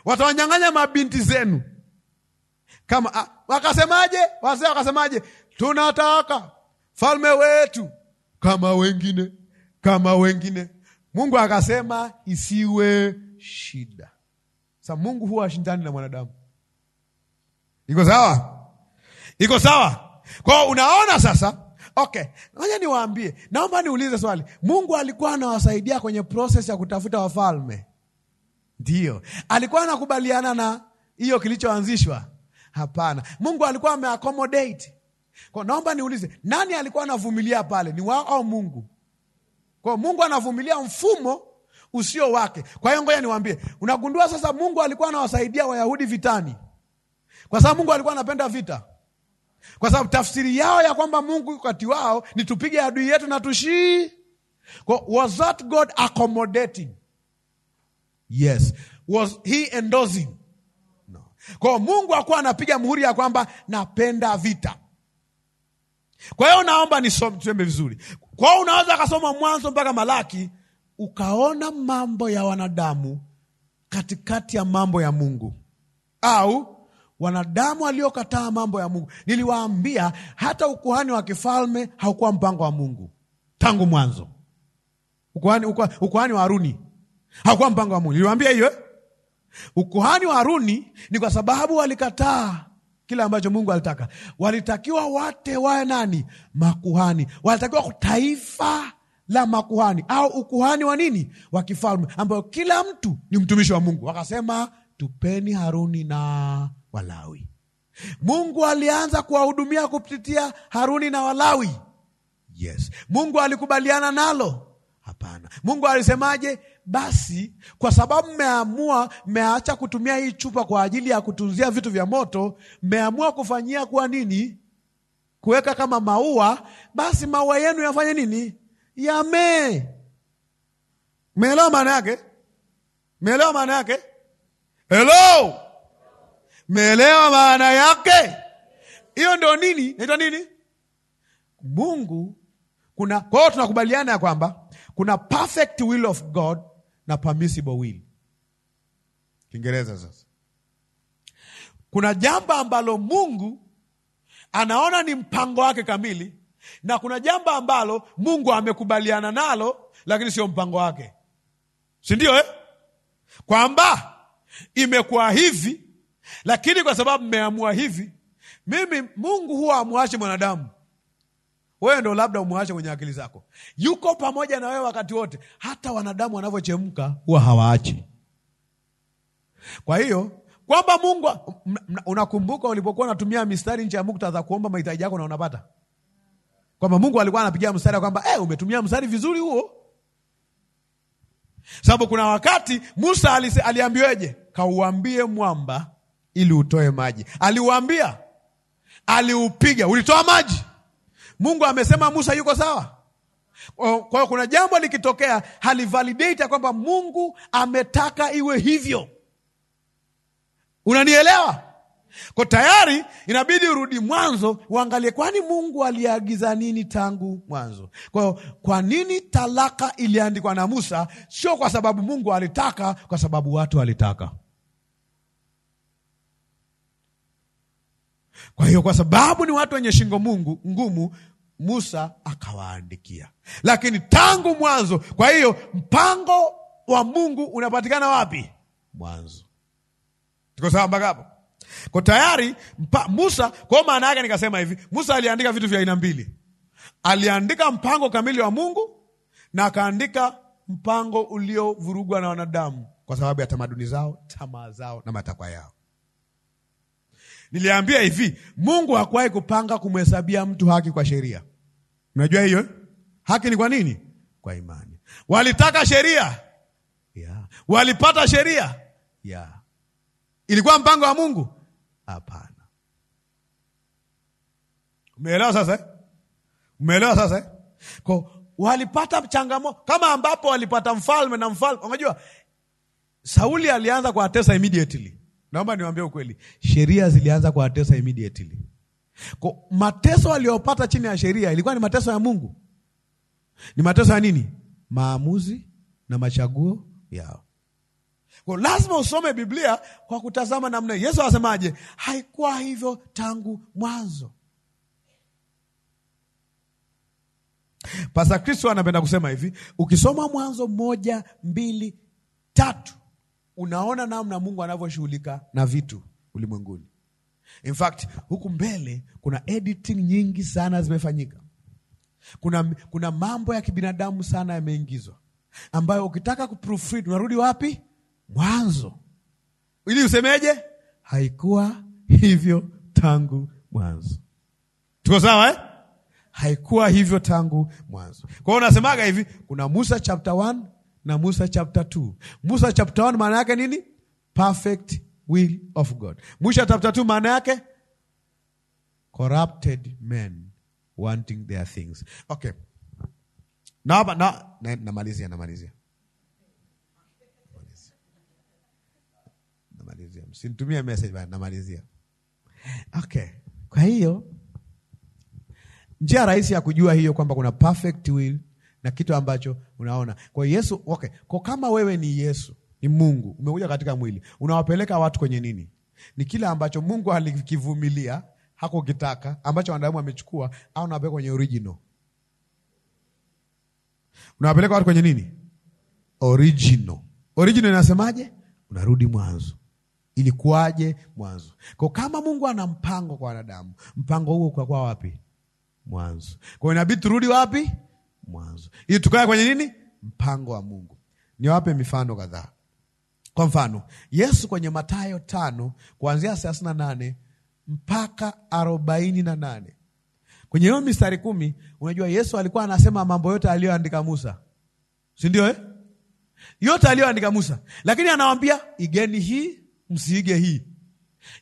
watawanyang'anya mabinti zenu. Kama ah, wakasemaje? Wazee wakasemaje? tunataka falme wetu kama wengine, kama wengine. Mungu akasema isiwe shida. Sa Mungu huwa ashindani na mwanadamu. Iko sawa? Iko sawa? Kwao unaona sasa Okay, ngoja niwaambie, naomba niulize swali. Mungu alikuwa anawasaidia kwenye proses ya kutafuta wafalme? Ndio. Alikuwa anakubaliana na hiyo kilichoanzishwa? Hapana. Mungu alikuwa ameaccommodate. Kwa naomba niulize, nani alikuwa anavumilia pale, ni wao au Mungu? Kwa Mungu anavumilia mfumo usio wake. Kwa hiyo ngoja niwaambie, unagundua sasa, Mungu alikuwa anawasaidia Wayahudi vitani kwa sababu Mungu alikuwa anapenda vita kwa sababu tafsiri yao ya kwamba Mungu kati wao ni tupige adui yetu na tushii. Was that God accommodating? Yes. Was he endorsing? No. Kwa Mungu akuwa anapiga muhuri ya kwamba napenda vita. Kwa hiyo naomba nisome vizuri. Kwa hiyo unaweza akasoma Mwanzo mpaka Malaki ukaona mambo ya wanadamu katikati ya mambo ya Mungu au wanadamu waliokataa mambo ya Mungu. Niliwaambia hata ukuhani wa kifalme haukuwa mpango wa Mungu tangu mwanzo. Ukuhani, ukuhani wa Haruni haukuwa mpango wa Mungu. Niliwaambia hiyo eh? ukuhani wa Haruni ni kwa sababu walikataa kile ambacho Mungu alitaka. Walitakiwa wate wawe nani? Makuhani. Walitakiwa taifa la makuhani au ukuhani wa nini? Wa kifalme, ambayo kila mtu ni mtumishi wa Mungu. Wakasema tupeni Haruni na Walawi. Mungu alianza kuwahudumia kupitia Haruni na Walawi. Yes. Mungu alikubaliana nalo? Hapana. Mungu alisemaje? Basi kwa sababu mmeamua, mmeacha kutumia hii chupa kwa ajili ya kutunzia vitu vya moto, mmeamua kufanyia kuwa nini? Kuweka kama maua, basi maua yenu yafanye nini? Yamee. Meelewa maana yake? Meelewa maana yake? Hello. Meelewa maana yake? Hiyo ndo nini naitwa nini? Mungu kuna kwao, tunakubaliana ya kwamba kuna perfect will of God na permissible will. Kiingereza sasa. Kuna jambo ambalo Mungu anaona ni mpango wake kamili na kuna jambo ambalo Mungu amekubaliana nalo lakini sio mpango wake, si ndio eh? Kwamba imekuwa hivi lakini kwa sababu mmeamua hivi, mimi Mungu huwa amwache mwanadamu. Wewe ndo labda umwache mwenye akili zako, yuko pamoja na wewe wakati wote. Hata wanadamu wanavyochemka huwa hawaachi. Kwa hiyo kwamba Mungu, unakumbuka ulipokuwa unatumia mistari nje ya muktadha kuomba mahitaji yako na unapata kwamba Mungu alikuwa anapigia mstari ya kwamba eh, umetumia mstari vizuri huo. Sababu kuna wakati Musa aliambiweje? Kauambie mwamba ili utoe maji. Aliuambia, aliupiga, ulitoa maji. Mungu amesema Musa yuko sawa. Kwa hiyo kuna jambo likitokea halivalidate ya kwamba Mungu ametaka iwe hivyo. Unanielewa? Kwa tayari inabidi urudi mwanzo, uangalie kwani Mungu aliagiza nini tangu mwanzo. Kwa hiyo kwa nini talaka iliandikwa na Musa? Sio kwa sababu Mungu alitaka, kwa sababu watu walitaka. Kwa hiyo kwa sababu ni watu wenye shingo mungu ngumu, Musa akawaandikia, lakini tangu mwanzo. Kwa hiyo mpango wa Mungu unapatikana wapi? Mwanzo. Tuko sawa mpaka hapo? Kwa tayari mpa, Musa kwao, maana yake nikasema hivi, Musa aliandika vitu vya aina mbili. Aliandika mpango kamili wa Mungu na akaandika mpango uliovurugwa na wanadamu kwa sababu ya tamaduni zao, tamaa zao na matakwa yao. Niliambia hivi, Mungu hakuwahi kupanga kumhesabia mtu haki kwa sheria. Unajua hiyo haki ni kwa nini? Kwa imani. Walitaka sheria yeah. Walipata sheria yeah. Ilikuwa mpango wa Mungu? Hapana. Umeelewa sasa eh? Umeelewa sasa eh? Kwa walipata changamoto kama ambapo walipata mfalme na mfalme. Unajua Sauli alianza kuwatesa immediately Naomba niwaambie ukweli, sheria zilianza kuwatesa immediately. Kwa mateso aliyopata chini ya sheria ilikuwa ni mateso ya Mungu, ni mateso ya nini? Maamuzi na machaguo yao. Kwa lazima usome Biblia kwa kutazama namna Yesu asemaje, haikuwa hivyo tangu mwanzo. Pasa Kristo anapenda kusema hivi, ukisoma Mwanzo moja mbili tatu unaona namna Mungu anavyoshughulika na vitu ulimwenguni. In fact, huku mbele kuna editing nyingi sana zimefanyika. Kuna, kuna mambo ya kibinadamu sana yameingizwa ambayo ukitaka kuproofread unarudi wapi? Mwanzo, ili usemeje? Haikuwa hivyo tangu mwanzo. Tuko sawa eh? Haikuwa hivyo tangu mwanzo. Kwa hiyo unasemaga hivi, kuna Musa chapter na Musa chapter 2. Musa chapter 1 maana yake nini? Perfect will of God. Musa chapter 2 maana yake corrupted men wanting their things. Okay. Na na namalizia namalizia. Namalizia. Msinitumie message bana namalizia. Okay. Kwa hiyo njia rahisi ya kujua hiyo kwamba kuna perfect will na kitu ambacho unaona. Kwa hiyo Yesu, okay, kwa kama wewe ni Yesu, ni Mungu, umekuja katika mwili, unawapeleka watu kwenye nini? Ni kile ambacho Mungu alikivumilia hakukitaka, ambacho wanadamu amechukua, au unawapeleka kwenye original? Unawapeleka watu kwenye nini? Original. Original inasemaje? Unarudi mwanzo. Ilikuwaje mwanzo? Kwa kama Mungu ana mpango kwa wanadamu, mpango huo ukakuwa wapi? Mwanzo. Kwa inabidi turudi wapi? mwanzo, ili tukae kwenye nini? Mpango wa Mungu. Niwape mifano kadhaa. Kwa mfano, Yesu kwenye Mathayo tano kuanzia thelathini na nane mpaka arobaini na nane kwenye hiyo mistari kumi unajua Yesu alikuwa anasema mambo yote aliyoandika Musa, si ndio eh? yote aliyoandika Musa, lakini anawambia igeni hii, msiige hii.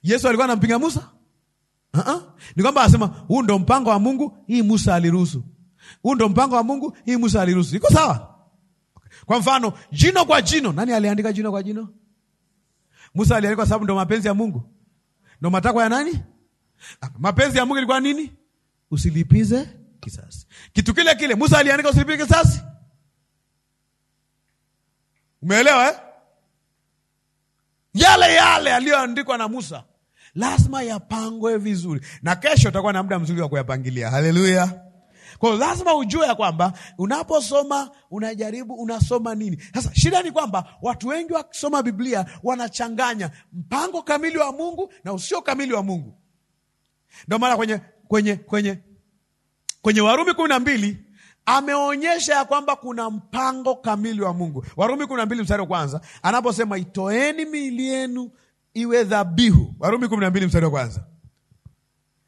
Yesu alikuwa anampinga Musa? uh -uh. ni kwamba anasema huu ndo mpango wa Mungu, hii Musa aliruhusu huu ndo mpango wa Mungu, hii Musa aliruhusu. Iko sawa? Kwa mfano jino kwa jino, nani aliandika jino kwa jino? Musa aliandika kwa sababu ndo mapenzi ya Mungu, ndo matakwa ya nani? Ah, mapenzi ya Mungu ilikuwa nini? Usilipize kisasi. Kitu kile kile Musa aliandika usilipize kisasi. Umeelewa eh? Yale yale aliyoandikwa na Musa lazima yapangwe vizuri, na kesho utakuwa na muda mzuri wa kuyapangilia. Haleluya! Kwa hiyo lazima ujue ya kwamba unaposoma unajaribu, unasoma nini? Sasa shida ni kwamba watu wengi wakisoma Biblia wanachanganya mpango kamili wa Mungu na usio kamili wa Mungu. Ndio maana kwenye kwenye kwenye kwenye Warumi kumi na mbili ameonyesha ya kwamba kuna mpango kamili wa Mungu. Warumi kumi na mbili mstari wa kwanza anaposema itoeni miili yenu iwe dhabihu. Warumi kumi na mbili mstari wa kwanza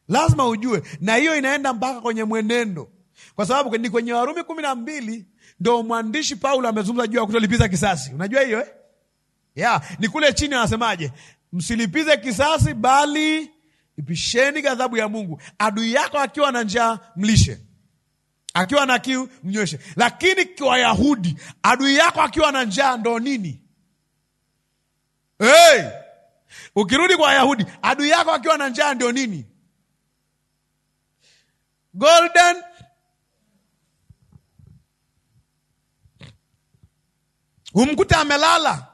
lazima ujue, na hiyo inaenda mpaka kwenye mwenendo kwa sababu ni kwenye Warumi kumi na mbili ndo mwandishi Paulo amezungumza juu ya kutolipiza kisasi. Unajua hiyo eh? Yeah, ni kule chini anasemaje? Msilipize kisasi, bali ipisheni ghadhabu ya Mungu. Adui yako akiwa na njaa mlishe, akiwa na kiu mnyweshe. Lakini kwa Wayahudi, adui yako akiwa na njaa ndo nini? Hey! Ukirudi kwa Wayahudi, adui yako akiwa na njaa ndio nini? Golden humkuta amelala,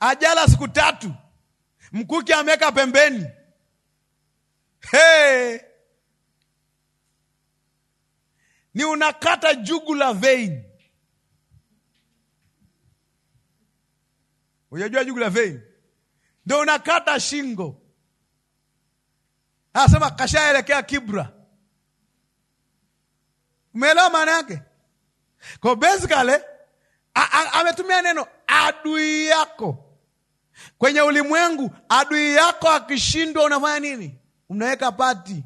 ajala siku tatu, mkuki ameweka pembeni. Hey! ni unakata jugu la vein. Unajua jugu la vein ndo unakata shingo. Anasema kashaelekea Kibra. Umeelewa maana yake? Kwa basically ametumia neno adui yako kwenye ulimwengu. Adui yako akishindwa, unafanya nini? Unaweka pati,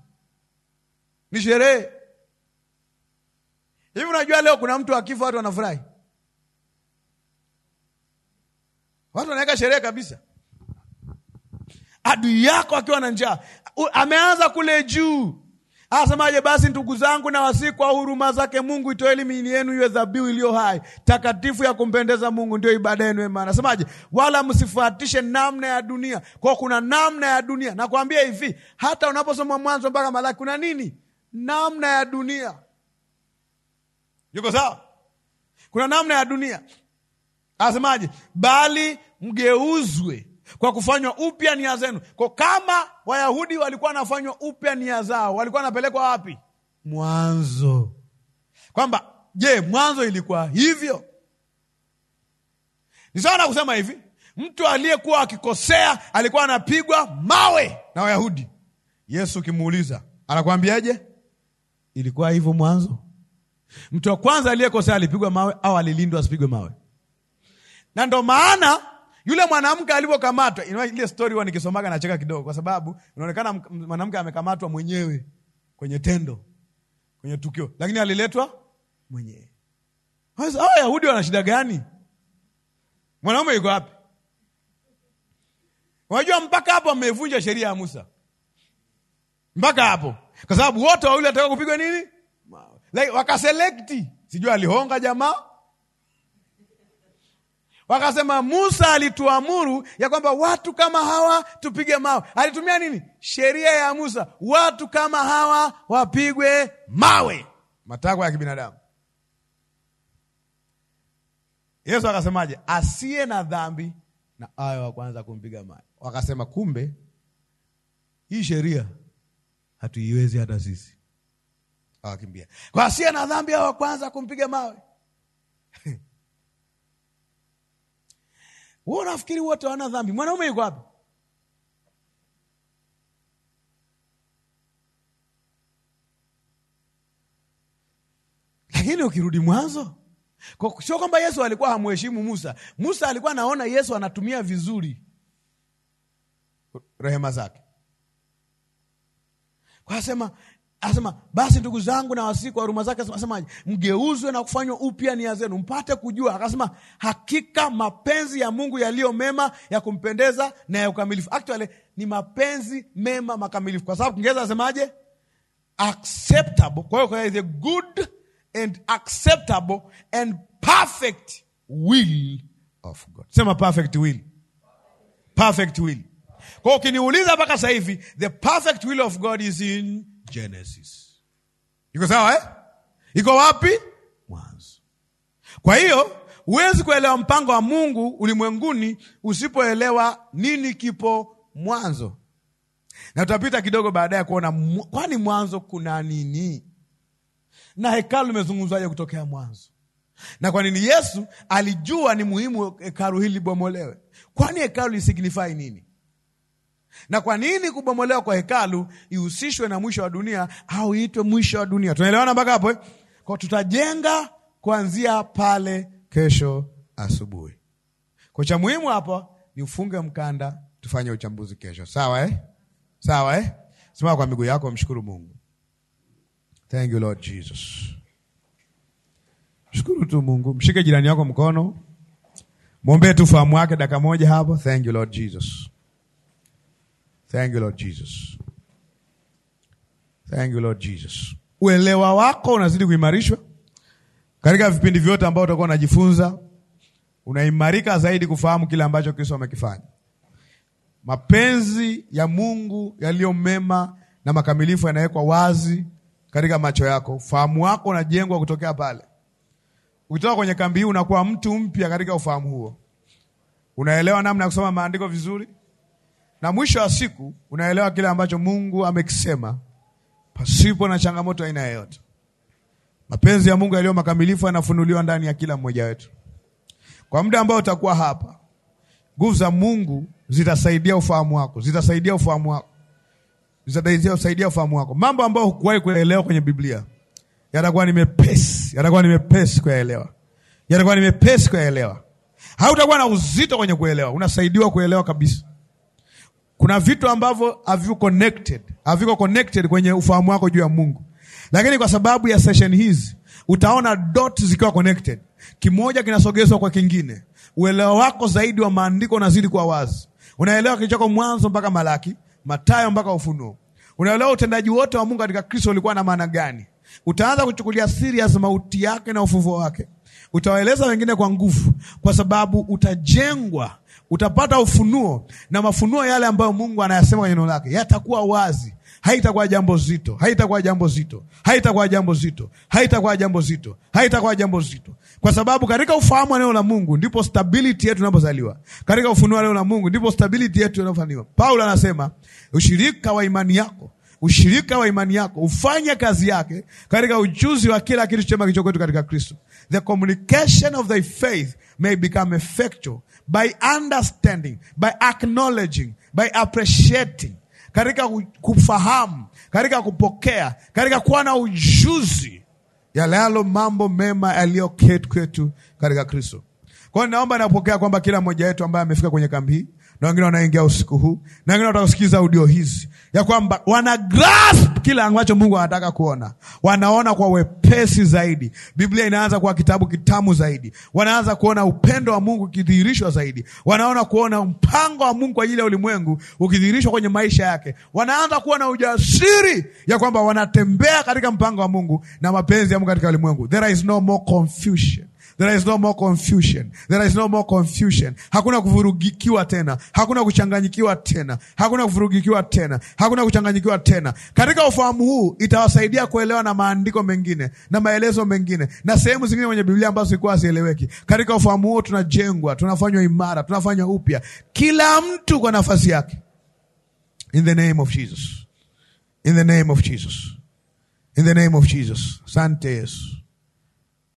ni sherehe hivi. Unajua leo kuna mtu akifa, watu wanafurahi, watu wanaweka sherehe kabisa. Adui yako akiwa na njaa, ameanza kule juu Asemaje? Basi ndugu zangu, na wasihi kwa huruma zake Mungu itoeni miili yenu iwe dhabihu iliyo hai takatifu ya kumpendeza Mungu, ndio ibada yenu ema. Anasemaje? Wala msifuatishe namna ya dunia, kwa kuna namna ya dunia. Nakwambia hivi, hata unaposoma Mwanzo mpaka Malaki kuna nini? Namna ya dunia. Yuko sawa? Kuna namna ya dunia. asemaje Bali mgeuzwe kwa kufanywa upya nia zenu. Kwa kama Wayahudi walikuwa wanafanywa upya nia zao, walikuwa wanapelekwa wapi? Mwanzo, kwamba je, mwanzo ilikuwa hivyo? Ni sawa na kusema hivi, mtu aliyekuwa akikosea alikuwa anapigwa mawe na Wayahudi. Yesu ukimuuliza anakuambiaje? Ilikuwa hivyo mwanzo? Mtu wa kwanza aliyekosea alipigwa mawe au alilindwa asipigwe mawe? Na ndo maana yule mwanamke alivyokamatwa, ile stori huwa nikisomaga nacheka kidogo, kwa sababu inaonekana mwanamke amekamatwa mwenyewe kwenye tendo, kwenye tukio, lakini aliletwa mwenyewe. Hao Wayahudi wana shida gani? Mwanaume yuko wapi? Unajua, mpaka hapo amevunja sheria ya Musa, mpaka hapo, kwa sababu wote wawili wataka kupigwa nini, like, wakaselekti, sijui alihonga jamaa Wakasema Musa alituamuru ya kwamba watu kama hawa tupige mawe. Alitumia nini? Sheria ya Musa, watu kama hawa wapigwe mawe, matakwa ya kibinadamu. Yesu akasemaje? Asiye na dhambi na awe wa kwanza kumpiga mawe. Wakasema kumbe hii sheria hatuiwezi hata sisi. Awakimbia kwa asiye na dhambi, awa wa kwanza kumpiga mawe Wewe unafikiri wote wana dhambi? Mwanaume yuko wapi? Lakini ukirudi mwanzo, sio kwamba Yesu alikuwa hamuheshimu Musa. Musa alikuwa anaona Yesu anatumia vizuri rehema zake, kwa Anasema basi ndugu zangu, na wasihi kwa huruma zake, asemaje? Mgeuzwe na kufanywa upya nia zenu, mpate kujua. Akasema hakika mapenzi ya Mungu yaliyo mema, ya kumpendeza na ya ukamilifu. Actually ni mapenzi mema makamilifu, kwa sababu Kiingereza asemaje? Acceptable. Kwa hiyo the good and acceptable and perfect will of God. Sema perfect will, perfect will. Kwa hiyo ukiniuliza mpaka sasa hivi, the perfect will of God is in Genesis. Iko sawa eh? Iko wapi? Mwanzo. Kwa hiyo huwezi kuelewa mpango wa Mungu ulimwenguni usipoelewa nini kipo mwanzo, na tutapita kidogo baadaye kuona kwani mwanzo kuna nini na hekalu limezungumzwaje kutokea mwanzo, na kwa nini Yesu alijua ni muhimu hekalu hili libomolewe? Kwani hekalu lisignifai nini? Na kwa nini kubomolewa kwa hekalu ihusishwe na mwisho wa dunia au iitwe mwisho wa dunia? Tunaelewana mpaka hapo eh? Kwa tutajenga kuanzia pale kesho asubuhi. Kwa cha muhimu hapa ni ufunge mkanda, tufanye uchambuzi kesho, sawa eh? Sawa eh? Simama kwa miguu yako, mshukuru Mungu. Thank you Lord Jesus. Shukuru tu Mungu, mshike jirani yako mkono, mwombee tu fahamu yake dakika moja hapo. Thank you Lord Jesus. Thank you Lord Jesus. Thank you Lord Jesus. Uelewa wako unazidi kuimarishwa katika vipindi vyote ambao utakuwa unajifunza, unaimarika zaidi kufahamu kile ambacho Kristo amekifanya, mapenzi ya Mungu yaliyo mema na makamilifu yanawekwa wazi katika macho yako. Ufahamu wako unajengwa kutokea pale. Ukitoka kwenye kambi hii unakuwa mtu mpya katika ufahamu huo. Unaelewa namna ya kusoma maandiko vizuri, na mwisho wa siku unaelewa kile ambacho Mungu amekisema pasipo na changamoto aina yoyote. Mapenzi ya Mungu yaliyo makamilifu yanafunuliwa ndani ya kila mmoja wetu. Kwa muda ambao utakuwa hapa, nguvu za Mungu zitasaidia ufahamu wako, zitasaidia ufahamu wako, zitasaidia ufahamu wako. Mambo ambayo hukuwahi kuelewa kwenye Biblia yatakuwa ni mepesi, yatakuwa ni mepesi kuyaelewa, yatakuwa ni mepesi kuyaelewa. Hautakuwa na uzito kwenye kuelewa, unasaidiwa kuelewa kabisa. Kuna vitu ambavyo haviko connected, haviko connected kwenye ufahamu wako juu ya Mungu, lakini kwa sababu ya session hizi utaona dot zikiwa connected, kimoja kinasogezwa kwa kingine. Uelewa wako zaidi wa maandiko unazidi kuwa wazi, unaelewa kilichoko Mwanzo mpaka Malaki, Matayo mpaka Ufunuo, unaelewa utendaji wote wa Mungu katika Kristo ulikuwa na maana gani. Utaanza kuchukulia serious mauti yake na ufufuo wake, utawaeleza wengine kwa nguvu, kwa sababu utajengwa utapata ufunuo na mafunuo yale ambayo Mungu anayasema kwenye neno lake yatakuwa wazi. Haitakuwa jambo zito, haitakuwa jambo zito, haitakuwa jambo zito, haitakuwa jambo zito, haitakuwa jambo zito, kwa sababu katika ufahamu wa neno la Mungu ndipo stability yetu inapozaliwa. Katika ufunuo wa neno la Mungu ndipo stability yetu inapofaniwa. Paulo anasema ushirika wa imani yako ushirika wa imani yako ufanye kazi yake katika ujuzi wa kila kitu chema kilicho kwetu katika Kristo. The communication of thy faith may become effectual by understanding, by acknowledging, by appreciating, katika kufahamu, katika kupokea, katika kuwa na ujuzi yalealo mambo mema yaliyo kwetu katika Kristo. Kwa hiyo naomba napokea kwamba kila mmoja wetu ambaye amefika kwenye kambi hii na wengine wanaingia usiku huu, na wengine watausikiza audio hizi, ya kwamba wana grasp kile ambacho Mungu anataka kuona, wanaona kwa wepesi zaidi. Biblia inaanza kuwa kitabu kitamu zaidi, wanaanza kuona upendo wa Mungu ukidhihirishwa zaidi, wanaona kuona mpango wa Mungu kwa ajili ya ulimwengu ukidhihirishwa kwenye maisha yake, wanaanza kuwa na ujasiri ya kwamba wanatembea katika mpango wa Mungu na mapenzi ya Mungu katika ulimwengu. There is no more confusion. There is no more confusion. There is no more confusion. Hakuna kuvurugikiwa tena, hakuna kuchanganyikiwa tena, hakuna kuvurugikiwa tena, hakuna kuchanganyikiwa tena. Katika ufahamu huu itawasaidia kuelewa na maandiko mengine na maelezo mengine na sehemu zingine kwenye Biblia ambazo zilikuwa hazieleweki. Katika ufahamu huo tunajengwa, tunafanywa imara, tunafanywa upya, kila mtu kwa nafasi yake. In the name of Jesus. In the name of Jesus. In the name of Jesus. Sante Yesu.